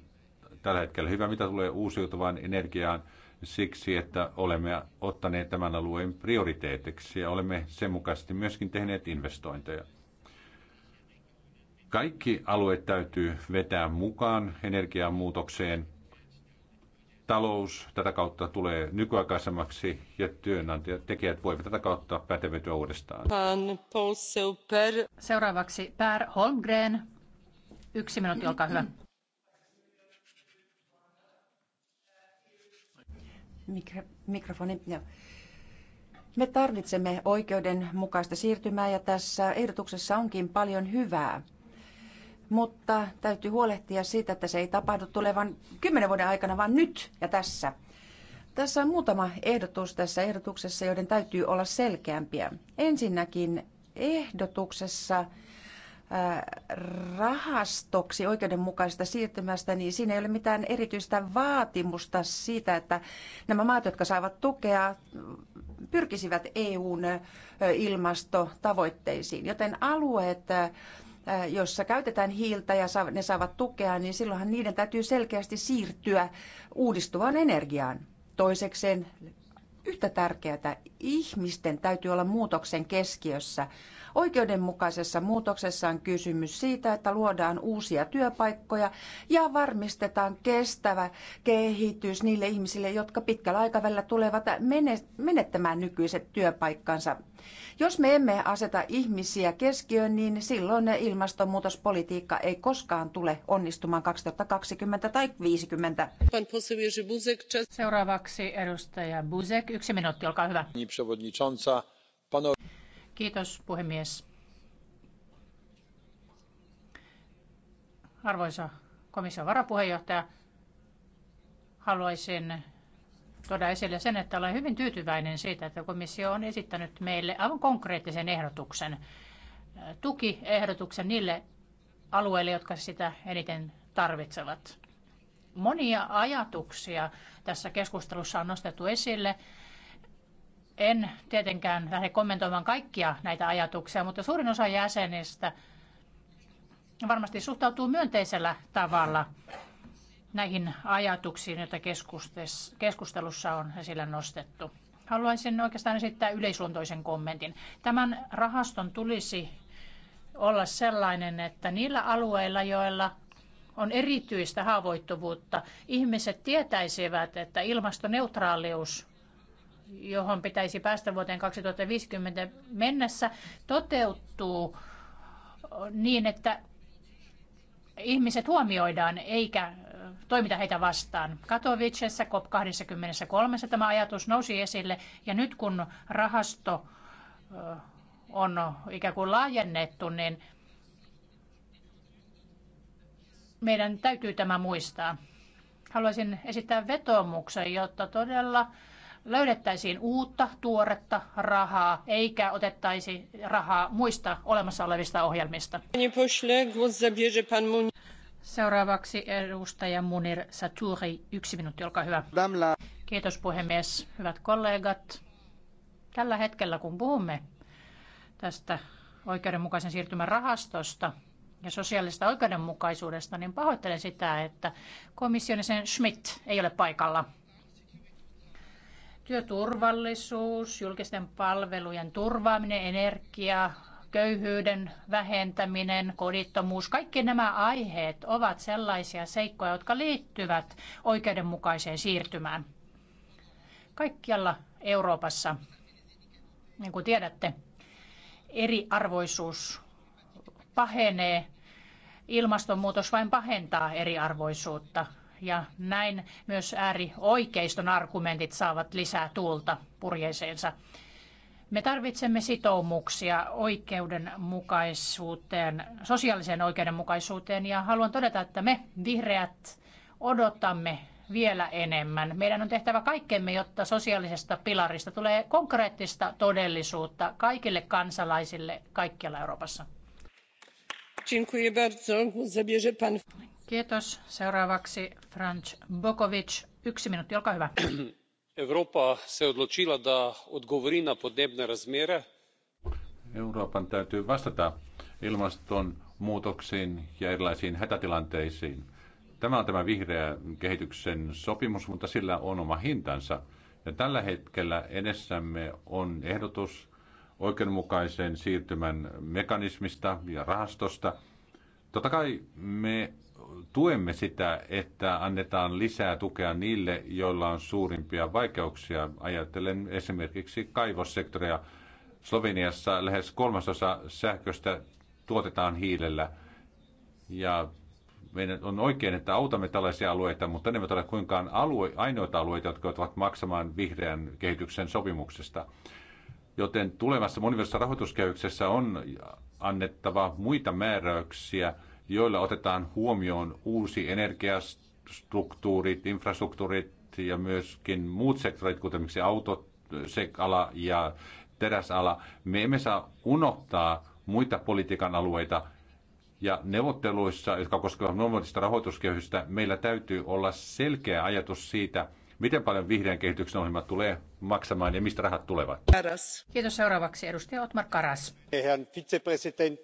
tällä hetkellä hyvä, mitä tulee uusiutuvaan energiaan siksi, että olemme ottaneet tämän alueen prioriteetiksi ja olemme sen mukaisesti myöskin tehneet investointeja. Kaikki alueet täytyy vetää mukaan energiamuutokseen. Talous tätä kautta tulee nykyaikaisemmaksi ja työnantajat tekijät voivat tätä kautta pätevytyä uudestaan. Seuraavaksi Per Holmgren. Yksi minuutti, olkaa hyvä. mikrofoni. Me tarvitsemme oikeudenmukaista siirtymää ja tässä ehdotuksessa onkin paljon hyvää. Mutta täytyy huolehtia siitä, että se ei tapahdu tulevan kymmenen vuoden aikana, vaan nyt ja tässä. Tässä on muutama ehdotus tässä ehdotuksessa, joiden täytyy olla selkeämpiä. Ensinnäkin ehdotuksessa rahastoksi oikeudenmukaisesta siirtymästä, niin siinä ei ole mitään erityistä vaatimusta siitä, että nämä maat, jotka saavat tukea, pyrkisivät EUn ilmastotavoitteisiin. Joten alueet, jossa käytetään hiiltä ja ne saavat tukea, niin silloinhan niiden täytyy selkeästi siirtyä uudistuvaan energiaan. Toisekseen yhtä tärkeää. Ihmisten täytyy olla muutoksen keskiössä. Oikeudenmukaisessa muutoksessa on kysymys siitä, että luodaan uusia työpaikkoja ja varmistetaan kestävä kehitys niille ihmisille, jotka pitkällä aikavälillä tulevat menettämään nykyiset työpaikkansa jos me emme aseta ihmisiä keskiöön, niin silloin ilmastonmuutospolitiikka ei koskaan tule onnistumaan 2020 tai 50. Seuraavaksi edustaja Buzek. Yksi minuutti, olkaa hyvä. Kiitos puhemies. Arvoisa komission varapuheenjohtaja, haluaisin tuoda esille sen, että olen hyvin tyytyväinen siitä, että komissio on esittänyt meille aivan konkreettisen ehdotuksen, tukiehdotuksen niille alueille, jotka sitä eniten tarvitsevat. Monia ajatuksia tässä keskustelussa on nostettu esille. En tietenkään lähde kommentoimaan kaikkia näitä ajatuksia, mutta suurin osa jäsenistä varmasti suhtautuu myönteisellä tavalla näihin ajatuksiin, joita keskustelussa on esillä nostettu. Haluaisin oikeastaan esittää yleisluontoisen kommentin. Tämän rahaston tulisi olla sellainen, että niillä alueilla, joilla on erityistä haavoittuvuutta, ihmiset tietäisivät, että ilmastoneutraalius johon pitäisi päästä vuoteen 2050 mennessä, toteutuu niin, että ihmiset huomioidaan eikä toimita heitä vastaan. Katowicessa COP23 tämä ajatus nousi esille ja nyt kun rahasto on ikään kuin laajennettu, niin meidän täytyy tämä muistaa. Haluaisin esittää vetoomuksen, jotta todella löydettäisiin uutta, tuoretta rahaa, eikä otettaisi rahaa muista olemassa olevista ohjelmista. Seuraavaksi edustaja Munir Saturi. Yksi minuutti, olkaa hyvä. Kiitos puhemies. Hyvät kollegat, tällä hetkellä kun puhumme tästä oikeudenmukaisen siirtymän rahastosta ja sosiaalista oikeudenmukaisuudesta, niin pahoittelen sitä, että komissionisen Schmidt ei ole paikalla. Työturvallisuus, julkisten palvelujen turvaaminen, energia, köyhyyden vähentäminen, kodittomuus, kaikki nämä aiheet ovat sellaisia seikkoja, jotka liittyvät oikeudenmukaiseen siirtymään. Kaikkialla Euroopassa, niin kuin tiedätte, eriarvoisuus pahenee, ilmastonmuutos vain pahentaa eriarvoisuutta ja näin myös äärioikeiston argumentit saavat lisää tuulta purjeeseensa. Me tarvitsemme sitoumuksia oikeudenmukaisuuteen, sosiaaliseen oikeudenmukaisuuteen ja haluan todeta, että me vihreät odotamme vielä enemmän. Meidän on tehtävä kaikkemme, jotta sosiaalisesta pilarista tulee konkreettista todellisuutta kaikille kansalaisille kaikkialla Euroopassa. Kiitos. Seuraavaksi Franz Bokovic. Yksi minuutti, olkaa hyvä evropa se odločila, da odgovori na podnebne razmere. Euroopan täytyy vastata muutoksiin ja erilaisiin hätätilanteisiin. Tämä on tämä vihreä kehityksen sopimus, mutta sillä on oma hintansa. Ja tällä hetkellä edessämme on ehdotus oikeudenmukaisen siirtymän mekanismista ja rahastosta – Totta kai me tuemme sitä, että annetaan lisää tukea niille, joilla on suurimpia vaikeuksia. Ajattelen esimerkiksi kaivossektoria. Sloveniassa lähes kolmasosa sähköstä tuotetaan hiilellä. Ja meidän on oikein, että autamme tällaisia alueita, mutta ne eivät ole kuinkaan alue, ainoita alueita, jotka ovat maksamaan vihreän kehityksen sopimuksesta. Joten tulevassa monivuotisessa rahoituskehyksessä on annettava muita määräyksiä, joilla otetaan huomioon uusi energiastruktuurit, infrastruktuurit ja myöskin muut sektorit, kuten esimerkiksi autosekala ja teräsala. Me emme saa unohtaa muita politiikan alueita, ja neuvotteluissa, jotka koskevat normaalista rahoituskehystä, meillä täytyy olla selkeä ajatus siitä, miten paljon vihreän kehityksen ohjelma tulee maksamaan ja mistä rahat tulevat. Karas. Kiitos seuraavaksi edustaja Otmar Karas. Herran vicepresidentin.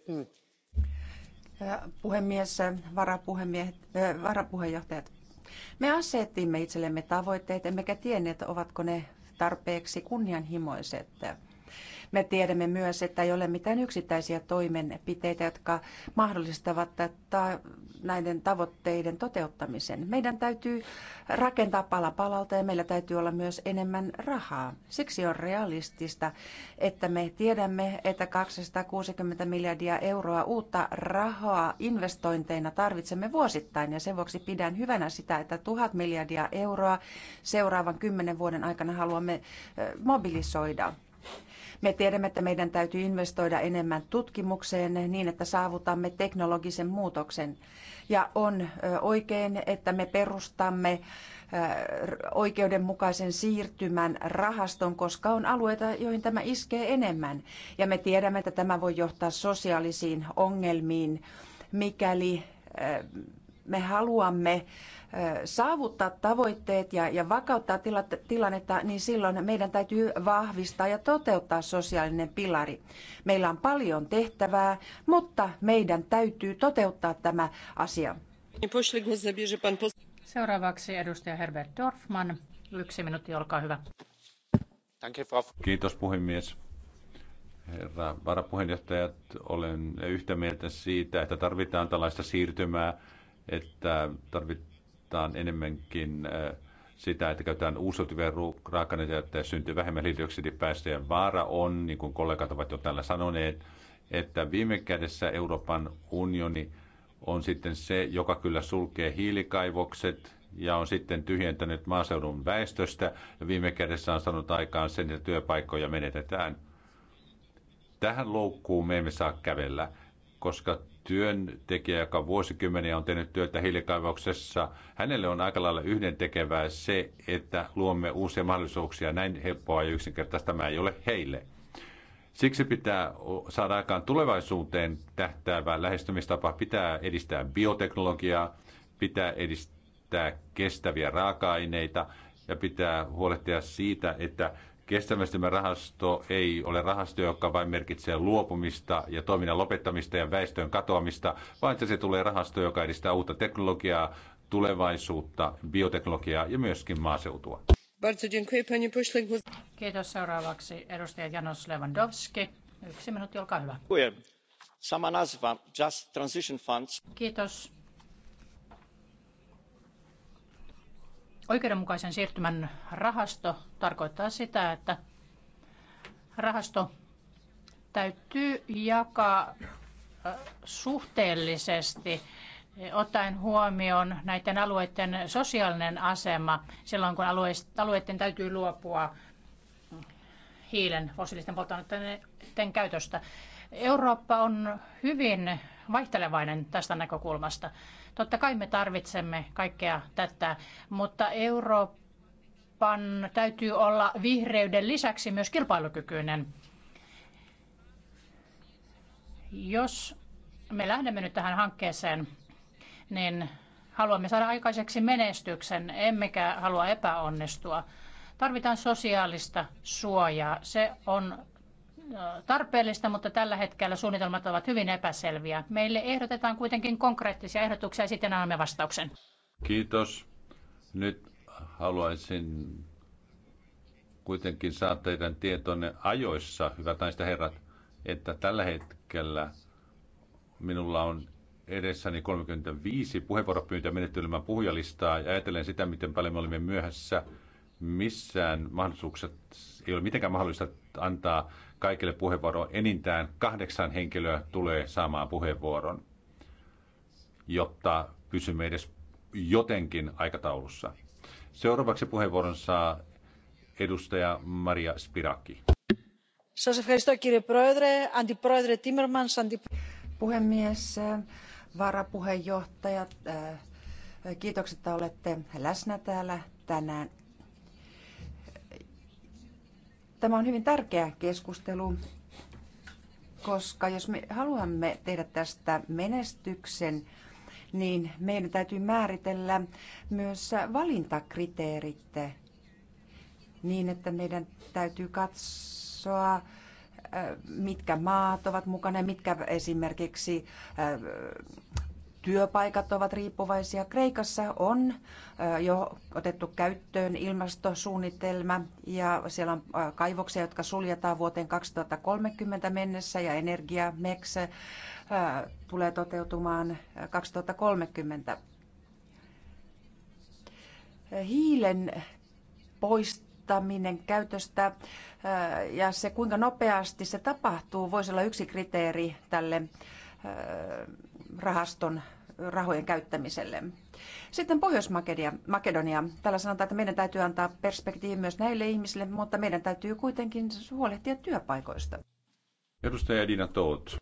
Puhemies, varapuhemiehet, eh, varapuheenjohtajat. Me asettimme itsellemme tavoitteet, emmekä tienneet, ovatko ne tarpeeksi kunnianhimoiset. Me tiedämme myös, että ei ole mitään yksittäisiä toimenpiteitä, jotka mahdollistavat tätä, näiden tavoitteiden toteuttamisen. Meidän täytyy rakentaa pala palalta ja meillä täytyy olla myös enemmän rahaa. Siksi on realistista, että me tiedämme, että 260 miljardia euroa uutta rahaa investointeina tarvitsemme vuosittain ja sen vuoksi pidän hyvänä sitä, että 1000 miljardia euroa seuraavan kymmenen vuoden aikana haluamme mobilisoida. Me tiedämme, että meidän täytyy investoida enemmän tutkimukseen niin, että saavutamme teknologisen muutoksen. Ja on oikein, että me perustamme oikeudenmukaisen siirtymän rahaston, koska on alueita, joihin tämä iskee enemmän. Ja me tiedämme, että tämä voi johtaa sosiaalisiin ongelmiin, mikäli me haluamme saavuttaa tavoitteet ja, ja vakauttaa tilannetta, niin silloin meidän täytyy vahvistaa ja toteuttaa sosiaalinen pilari. Meillä on paljon tehtävää, mutta meidän täytyy toteuttaa tämä asia. Seuraavaksi edustaja Herbert Dorfman. Yksi minuutti, olkaa hyvä. Kiitos puhemies. Herra varapuheenjohtajat, olen yhtä mieltä siitä, että tarvitaan tällaista siirtymää että tarvitaan enemmänkin äh, sitä, että käytetään uusiutuvia raaka-aineita, että syntyy vähemmän hiilidioksidipäästöjä. Vaara on, niin kuin kollegat ovat jo täällä sanoneet, että viime kädessä Euroopan unioni on sitten se, joka kyllä sulkee hiilikaivokset ja on sitten tyhjentänyt maaseudun väestöstä ja viime kädessä on saanut aikaan sen, että työpaikkoja menetetään. Tähän loukkuun me emme saa kävellä, koska työntekijä, joka vuosikymmeniä on tehnyt työtä hiilikaivauksessa. hänelle on aika lailla yhdentekevää se, että luomme uusia mahdollisuuksia. Näin helppoa ja yksinkertaista tämä ei ole heille. Siksi pitää saada aikaan tulevaisuuteen tähtäävä lähestymistapa. Pitää edistää bioteknologiaa, pitää edistää kestäviä raaka-aineita ja pitää huolehtia siitä, että Kestämättömän rahasto ei ole rahasto, joka vain merkitsee luopumista ja toiminnan lopettamista ja väestön katoamista, vaan että se tulee rahasto, joka edistää uutta teknologiaa, tulevaisuutta, bioteknologiaa ja myöskin maaseutua. Kiitos. Seuraavaksi edustaja Janos Lewandowski. Yksi minuutti, olkaa hyvä. Sama Just Transition Funds. Kiitos Oikeudenmukaisen siirtymän rahasto tarkoittaa sitä, että rahasto täytyy jakaa suhteellisesti ottaen huomioon näiden alueiden sosiaalinen asema silloin, kun alueiden täytyy luopua hiilen fossiilisten polttoaineiden käytöstä. Eurooppa on hyvin vaihtelevainen tästä näkökulmasta. Totta kai me tarvitsemme kaikkea tätä, mutta Euroopan täytyy olla vihreyden lisäksi myös kilpailukykyinen. Jos me lähdemme nyt tähän hankkeeseen, niin haluamme saada aikaiseksi menestyksen, emmekä halua epäonnistua. Tarvitaan sosiaalista suojaa. Se on tarpeellista, mutta tällä hetkellä suunnitelmat ovat hyvin epäselviä. Meille ehdotetaan kuitenkin konkreettisia ehdotuksia ja sitten annamme vastauksen. Kiitos. Nyt haluaisin kuitenkin saa teidän tietonne ajoissa, hyvät naiset herrat, että tällä hetkellä minulla on edessäni 35 puheenvuoropyyntöä menettelemään puhujalistaa ja ajatellen sitä, miten paljon me olimme myöhässä. Missään mahdollisuukset ei ole mitenkään mahdollista antaa kaikille puheenvuoro. Enintään kahdeksan henkilöä tulee saamaan puheenvuoron, jotta pysymme edes jotenkin aikataulussa. Seuraavaksi puheenvuoron saa edustaja Maria Spiraki. Puhemies, varapuheenjohtajat, kiitokset, että olette läsnä täällä tänään Tämä on hyvin tärkeä keskustelu, koska jos me haluamme tehdä tästä menestyksen, niin meidän täytyy määritellä myös valintakriteerit niin, että meidän täytyy katsoa, äh, mitkä maat ovat mukana ja mitkä esimerkiksi äh, työpaikat ovat riippuvaisia. Kreikassa on jo otettu käyttöön ilmastosuunnitelma ja siellä on kaivoksia, jotka suljetaan vuoteen 2030 mennessä ja energia MEX tulee toteutumaan 2030. Hiilen poistaminen käytöstä ja se kuinka nopeasti se tapahtuu voisi olla yksi kriteeri tälle rahaston rahojen käyttämiselle. Sitten Pohjois-Makedonia. Täällä sanotaan, että meidän täytyy antaa perspektiivi myös näille ihmisille, mutta meidän täytyy kuitenkin huolehtia työpaikoista. Edustaja Edina Toot.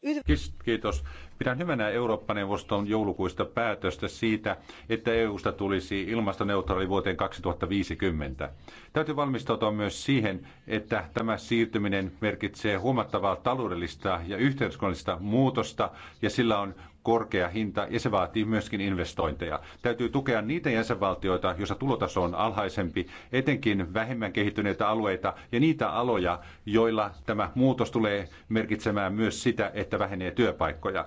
Kiitos. Pidän hyvänä Eurooppa-neuvoston joulukuista päätöstä siitä, että EUsta tulisi ilmastoneutraali vuoteen 2050. Täytyy valmistautua myös siihen, että tämä siirtyminen merkitsee huomattavaa taloudellista ja yhteiskunnallista muutosta, ja sillä on korkea hinta ja se vaatii myöskin investointeja. Täytyy tukea niitä jäsenvaltioita, joissa tulotaso on alhaisempi, etenkin vähemmän kehittyneitä alueita ja niitä aloja, joilla tämä muutos tulee merkitsemään myös sitä, että vähenee työpaikkoja.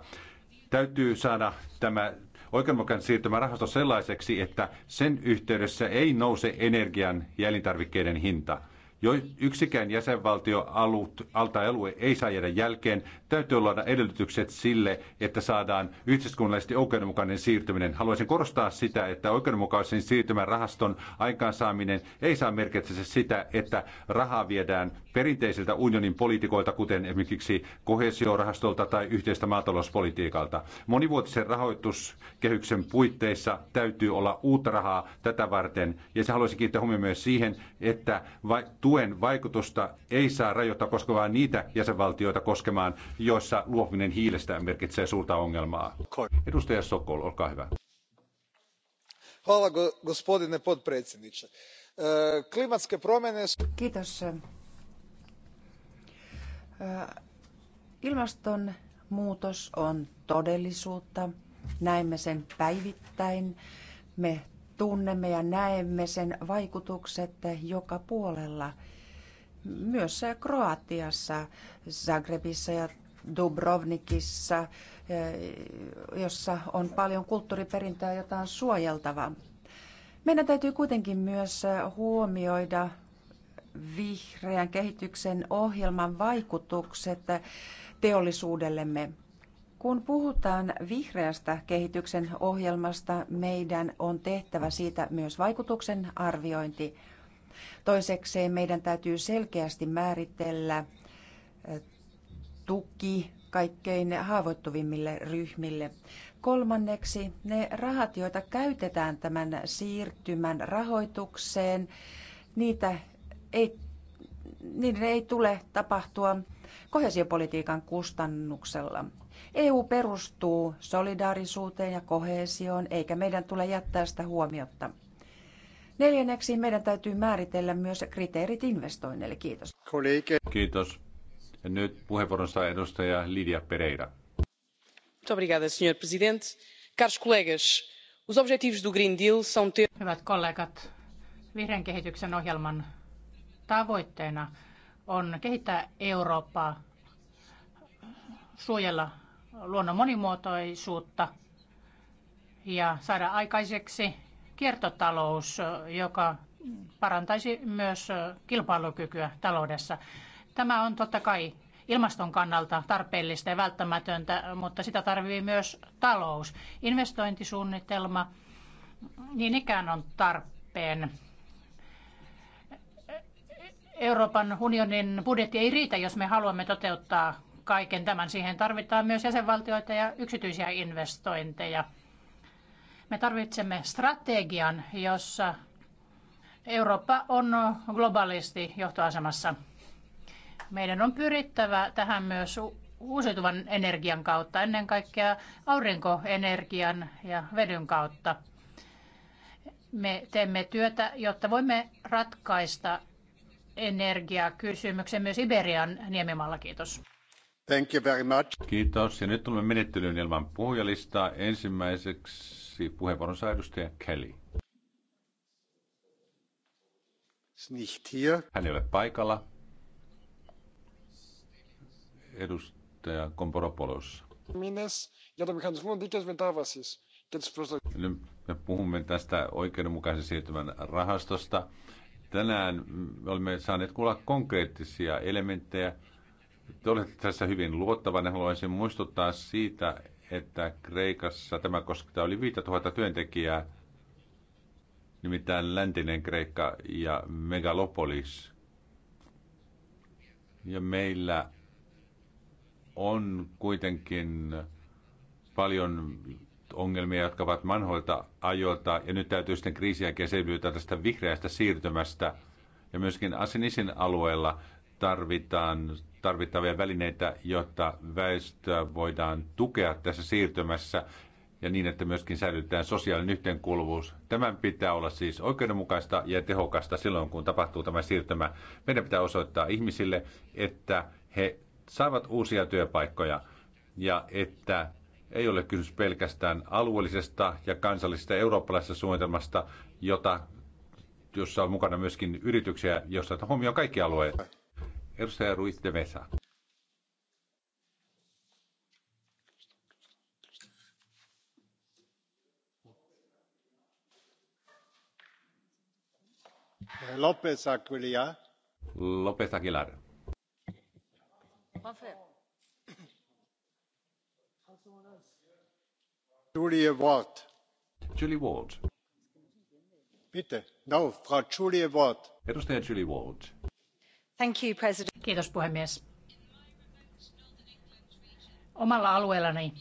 Täytyy saada tämä oikeudenmukainen siirtymä rahasto sellaiseksi, että sen yhteydessä ei nouse energian ja elintarvikkeiden hinta. Jo yksikään jäsenvaltio alut, alta alue ei saa jäädä jälkeen. Täytyy luoda edellytykset sille, että saadaan yhteiskunnallisesti oikeudenmukainen siirtyminen. Haluaisin korostaa sitä, että oikeudenmukaisen siirtymän rahaston aikaansaaminen ei saa merkitä sitä, että rahaa viedään perinteisiltä unionin poliitikoilta, kuten esimerkiksi kohesiorahastolta tai yhteistä maatalouspolitiikalta. Monivuotisen rahoituskehyksen puitteissa täytyy olla uutta rahaa tätä varten, ja se haluaisin kiinnittää huomioon myös siihen, että tuen vaikutusta ei saa rajoittaa koskemaan niitä jäsenvaltioita koskemaan, joissa luopuminen hiilestä merkitsee suurta ongelmaa. Edustaja Sokol, olkaa hyvä. gospodine podpredsjedniče. E, Kiitos, Ilmastonmuutos on todellisuutta. Näemme sen päivittäin. Me tunnemme ja näemme sen vaikutukset joka puolella. Myös Kroatiassa, Zagrebissa ja Dubrovnikissa, jossa on paljon kulttuuriperintöä, jota on suojeltava. Meidän täytyy kuitenkin myös huomioida vihreän kehityksen ohjelman vaikutukset teollisuudellemme. Kun puhutaan vihreästä kehityksen ohjelmasta, meidän on tehtävä siitä myös vaikutuksen arviointi. Toisekseen meidän täytyy selkeästi määritellä eh, tuki kaikkein haavoittuvimmille ryhmille. Kolmanneksi ne rahat, joita käytetään tämän siirtymän rahoitukseen, niitä ei, niiden ei tule tapahtua kohesiopolitiikan kustannuksella. EU perustuu solidaarisuuteen ja kohesioon, eikä meidän tule jättää sitä huomiotta. Neljänneksi meidän täytyy määritellä myös kriteerit investoinneille. Kiitos. Kiitos. Ja nyt puheenvuoron saa edustaja Lidia Pereira. Obrigada, señor presidente. Caros colegas, os objetivos do Green Deal são ter... Hyvät kollegat, vihreän kehityksen ohjelman tavoitteena on kehittää Eurooppaa, suojella luonnon monimuotoisuutta ja saada aikaiseksi kiertotalous, joka parantaisi myös kilpailukykyä taloudessa. Tämä on totta kai ilmaston kannalta tarpeellista ja välttämätöntä, mutta sitä tarvii myös talous. Investointisuunnitelma niin ikään on tarpeen. Euroopan unionin budjetti ei riitä, jos me haluamme toteuttaa kaiken tämän. Siihen tarvitaan myös jäsenvaltioita ja yksityisiä investointeja. Me tarvitsemme strategian, jossa Eurooppa on globaalisti johtoasemassa. Meidän on pyrittävä tähän myös uusiutuvan energian kautta, ennen kaikkea aurinkoenergian ja vedyn kautta. Me teemme työtä, jotta voimme ratkaista energiakysymyksen myös Iberian niemimaalla. Kiitos. Thank you very much. Kiitos. Ja nyt tulemme menettelyyn ilman puhujalistaa. Ensimmäiseksi puheenvuoron saa edustaja Kelly. Nicht hier. Hän ei ole paikalla. Edustaja Komporopoulos. Minnes, ja me puhumme tästä oikeudenmukaisen siirtymän rahastosta Tänään me olemme saaneet kuulla konkreettisia elementtejä. Te olette tässä hyvin ja Haluaisin muistuttaa siitä, että Kreikassa tämä koskettaa yli 5000 työntekijää, nimittäin läntinen Kreikka ja megalopolis. Ja meillä on kuitenkin paljon ongelmia, jotka ovat manhoilta ajoilta, ja nyt täytyy sitten kriisiä jälkeen selviytyä tästä vihreästä siirtymästä. Ja myöskin Asinisin alueella tarvitaan tarvittavia välineitä, jotta väestöä voidaan tukea tässä siirtymässä ja niin, että myöskin säilytetään sosiaalinen yhteenkuuluvuus. Tämän pitää olla siis oikeudenmukaista ja tehokasta silloin, kun tapahtuu tämä siirtymä. Meidän pitää osoittaa ihmisille, että he saavat uusia työpaikkoja ja että ei ole kysymys pelkästään alueellisesta ja kansallisesta eurooppalaisesta suunnitelmasta, jota, jossa on mukana myöskin yrityksiä, joissa huomioon kaikki alueet. Edustaja Ruiz de Mesa. López Aguilar. López Aguilar. Juanfer. arvoisa Julie Ward. No, Julie Ward. Julie Ward. Kiitos puhemies. Omalla alueellani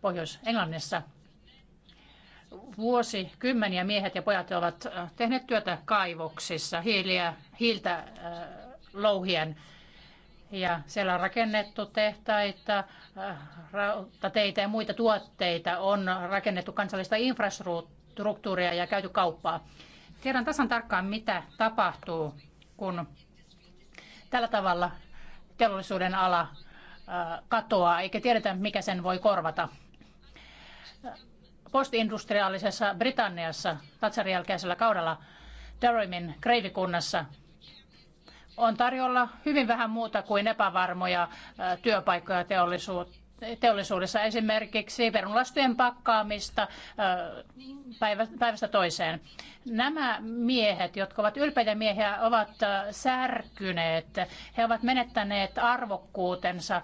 Pohjois-Englannissa vuosi kymmeniä miehet ja pojat ovat äh, tehneet työtä kaivoksissa hiiltä äh, louhien ja siellä on rakennettu tehtaita, äh, rautateitä ja muita tuotteita, on rakennettu kansallista infrastruktuuria ja käyty kauppaa. Tiedän tasan tarkkaan, mitä tapahtuu, kun tällä tavalla teollisuuden ala äh, katoaa, eikä tiedetä, mikä sen voi korvata. Postindustriaalisessa Britanniassa Tatsarin jälkeisellä kaudella Durhamin kreivikunnassa on tarjolla hyvin vähän muuta kuin epävarmoja työpaikkoja teollisuudessa, esimerkiksi perunlastujen pakkaamista päivästä toiseen. Nämä miehet, jotka ovat ylpeitä miehiä, ovat särkyneet. He ovat menettäneet arvokkuutensa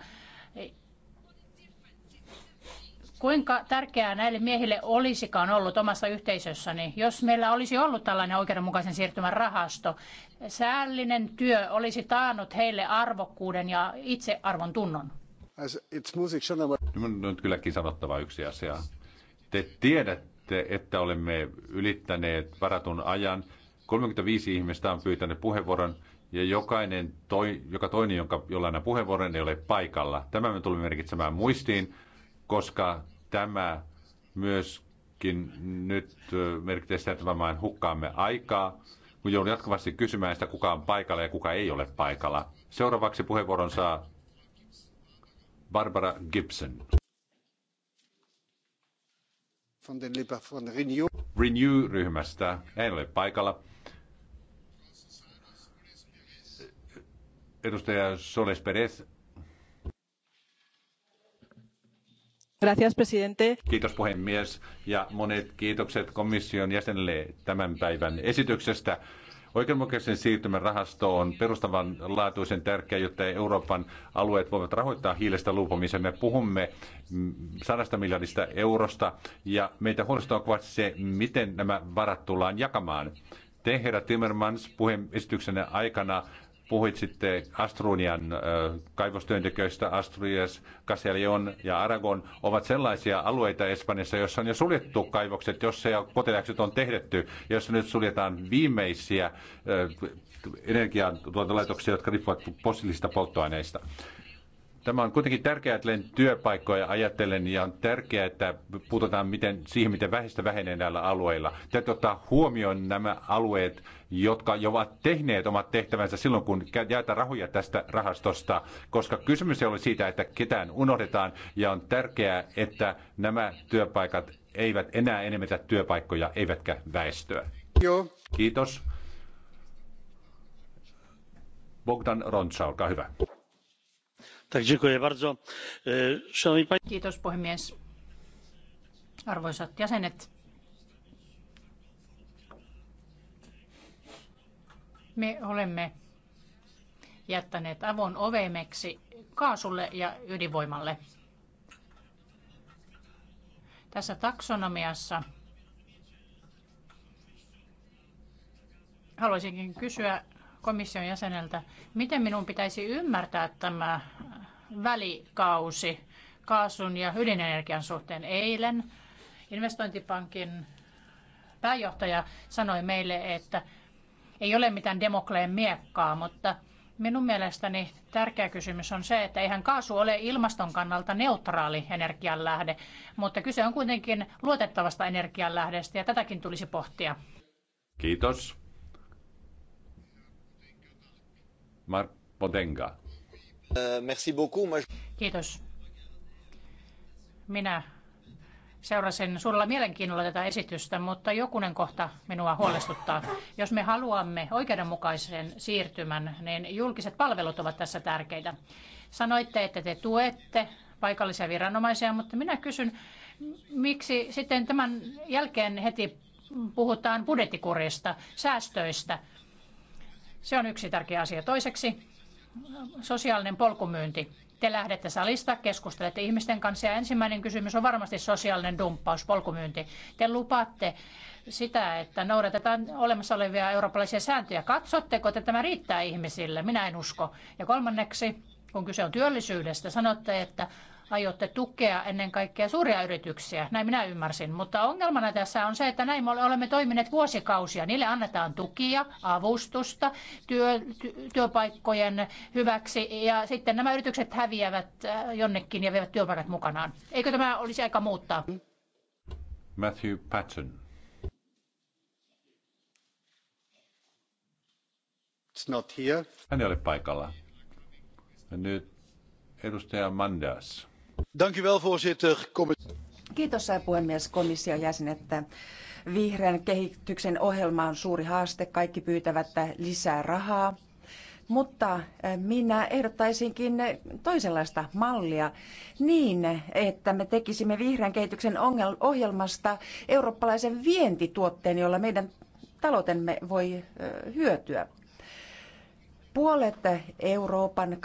Kuinka tärkeää näille miehille olisikaan ollut omassa yhteisössäni, jos meillä olisi ollut tällainen oikeudenmukaisen siirtymän rahasto? Säällinen työ olisi taannut heille arvokkuuden ja itsearvon tunnon. Minun on kylläkin sanottava yksi asia. Te tiedätte, että olemme ylittäneet varatun ajan. 35 ihmistä on pyytänyt puheenvuoron ja jokainen toi, joka toinen, jonka jollain on puheenvuoron, ei ole paikalla. Tämä me tulemme merkitsemään muistiin koska tämä myöskin nyt merkitsee sitä, että varmaan hukkaamme aikaa, kun joudun jatkuvasti kysymään sitä, kuka on paikalla ja kuka ei ole paikalla. Seuraavaksi puheenvuoron saa Barbara Gibson. Renew-ryhmästä. En ole paikalla. Edustaja Soles Perez Kiitos puhemies ja monet kiitokset komission jäsenelle tämän päivän esityksestä. Oikeudenmukaisen siirtymän rahasto on perustavanlaatuisen tärkeä, jotta Euroopan alueet voivat rahoittaa hiilestä luopumisen. Me puhumme sadasta miljardista eurosta ja meitä huolestuttaa kovasti se, miten nämä varat tullaan jakamaan. Te, herra Timmermans, puheen esityksenne aikana Puhuit sitten Astrunian kaivostyöntekijöistä. Asturias, Caselion ja Aragon ovat sellaisia alueita Espanjassa, joissa on jo suljettu kaivokset, jos se kotiläksyt on tehdetty, jos nyt suljetaan viimeisiä energiantuotantolaitoksia, jotka riippuvat fossiilisista polttoaineista. Tämä on kuitenkin tärkeää että työpaikkoja ajatellen ja on tärkeää, että puututaan miten, siihen, miten vähistä vähenee näillä alueilla. Täytyy ottaa huomioon nämä alueet, jotka jo ovat tehneet omat tehtävänsä silloin, kun jaetaan rahoja tästä rahastosta, koska kysymys ei ole siitä, että ketään unohdetaan ja on tärkeää, että nämä työpaikat eivät enää enemmän työpaikkoja eivätkä väestöä. Joo. Kiitos. Bogdan Rontsa, olkaa hyvä arvoisa e, puhemies. Arvoisat jäsenet. Me olemme jättäneet avoin ovemeksi kaasulle ja ydinvoimalle. Tässä taksonomiassa haluaisinkin kysyä komission jäseneltä, miten minun pitäisi ymmärtää tämä välikausi kaasun ja ydinenergian suhteen eilen. Investointipankin pääjohtaja sanoi meille, että ei ole mitään demokleen miekkaa, mutta minun mielestäni tärkeä kysymys on se, että eihän kaasu ole ilmaston kannalta neutraali energianlähde, mutta kyse on kuitenkin luotettavasta energianlähdeestä ja tätäkin tulisi pohtia. Kiitos. Mark Potenga. Euh, merci beaucoup. Kiitos. Minä seurasin suurella mielenkiinnolla tätä esitystä, mutta jokunen kohta minua huolestuttaa. Jos me haluamme oikeudenmukaisen siirtymän, niin julkiset palvelut ovat tässä tärkeitä. Sanoitte, että te tuette paikallisia viranomaisia, mutta minä kysyn, miksi sitten tämän jälkeen heti puhutaan budjettikurista, säästöistä – se on yksi tärkeä asia. Toiseksi sosiaalinen polkumyynti. Te lähdette salista, keskustelette ihmisten kanssa ja ensimmäinen kysymys on varmasti sosiaalinen dumppaus, polkumyynti. Te lupaatte sitä, että noudatetaan olemassa olevia eurooppalaisia sääntöjä. Katsotteko, että tämä riittää ihmisille? Minä en usko. Ja kolmanneksi, kun kyse on työllisyydestä, sanotte, että aiotte tukea ennen kaikkea suuria yrityksiä, näin minä ymmärsin. Mutta ongelmana tässä on se, että näin me olemme toimineet vuosikausia. Niille annetaan tukia, avustusta työ, työpaikkojen hyväksi ja sitten nämä yritykset häviävät äh, jonnekin ja vievät työpaikat mukanaan. Eikö tämä olisi aika muuttaa? Matthew Patton. It's not here. Hän ei ole paikalla. Nyt edustaja Mandas. Kiitos puhemies komission jäsenet. Vihreän kehityksen ohjelma on suuri haaste. Kaikki pyytävät lisää rahaa. Mutta eh, minä ehdottaisinkin toisenlaista mallia niin, että me tekisimme vihreän kehityksen ohjelmasta eurooppalaisen vientituotteen, jolla meidän taloutemme voi eh, hyötyä. Puolet Euroopan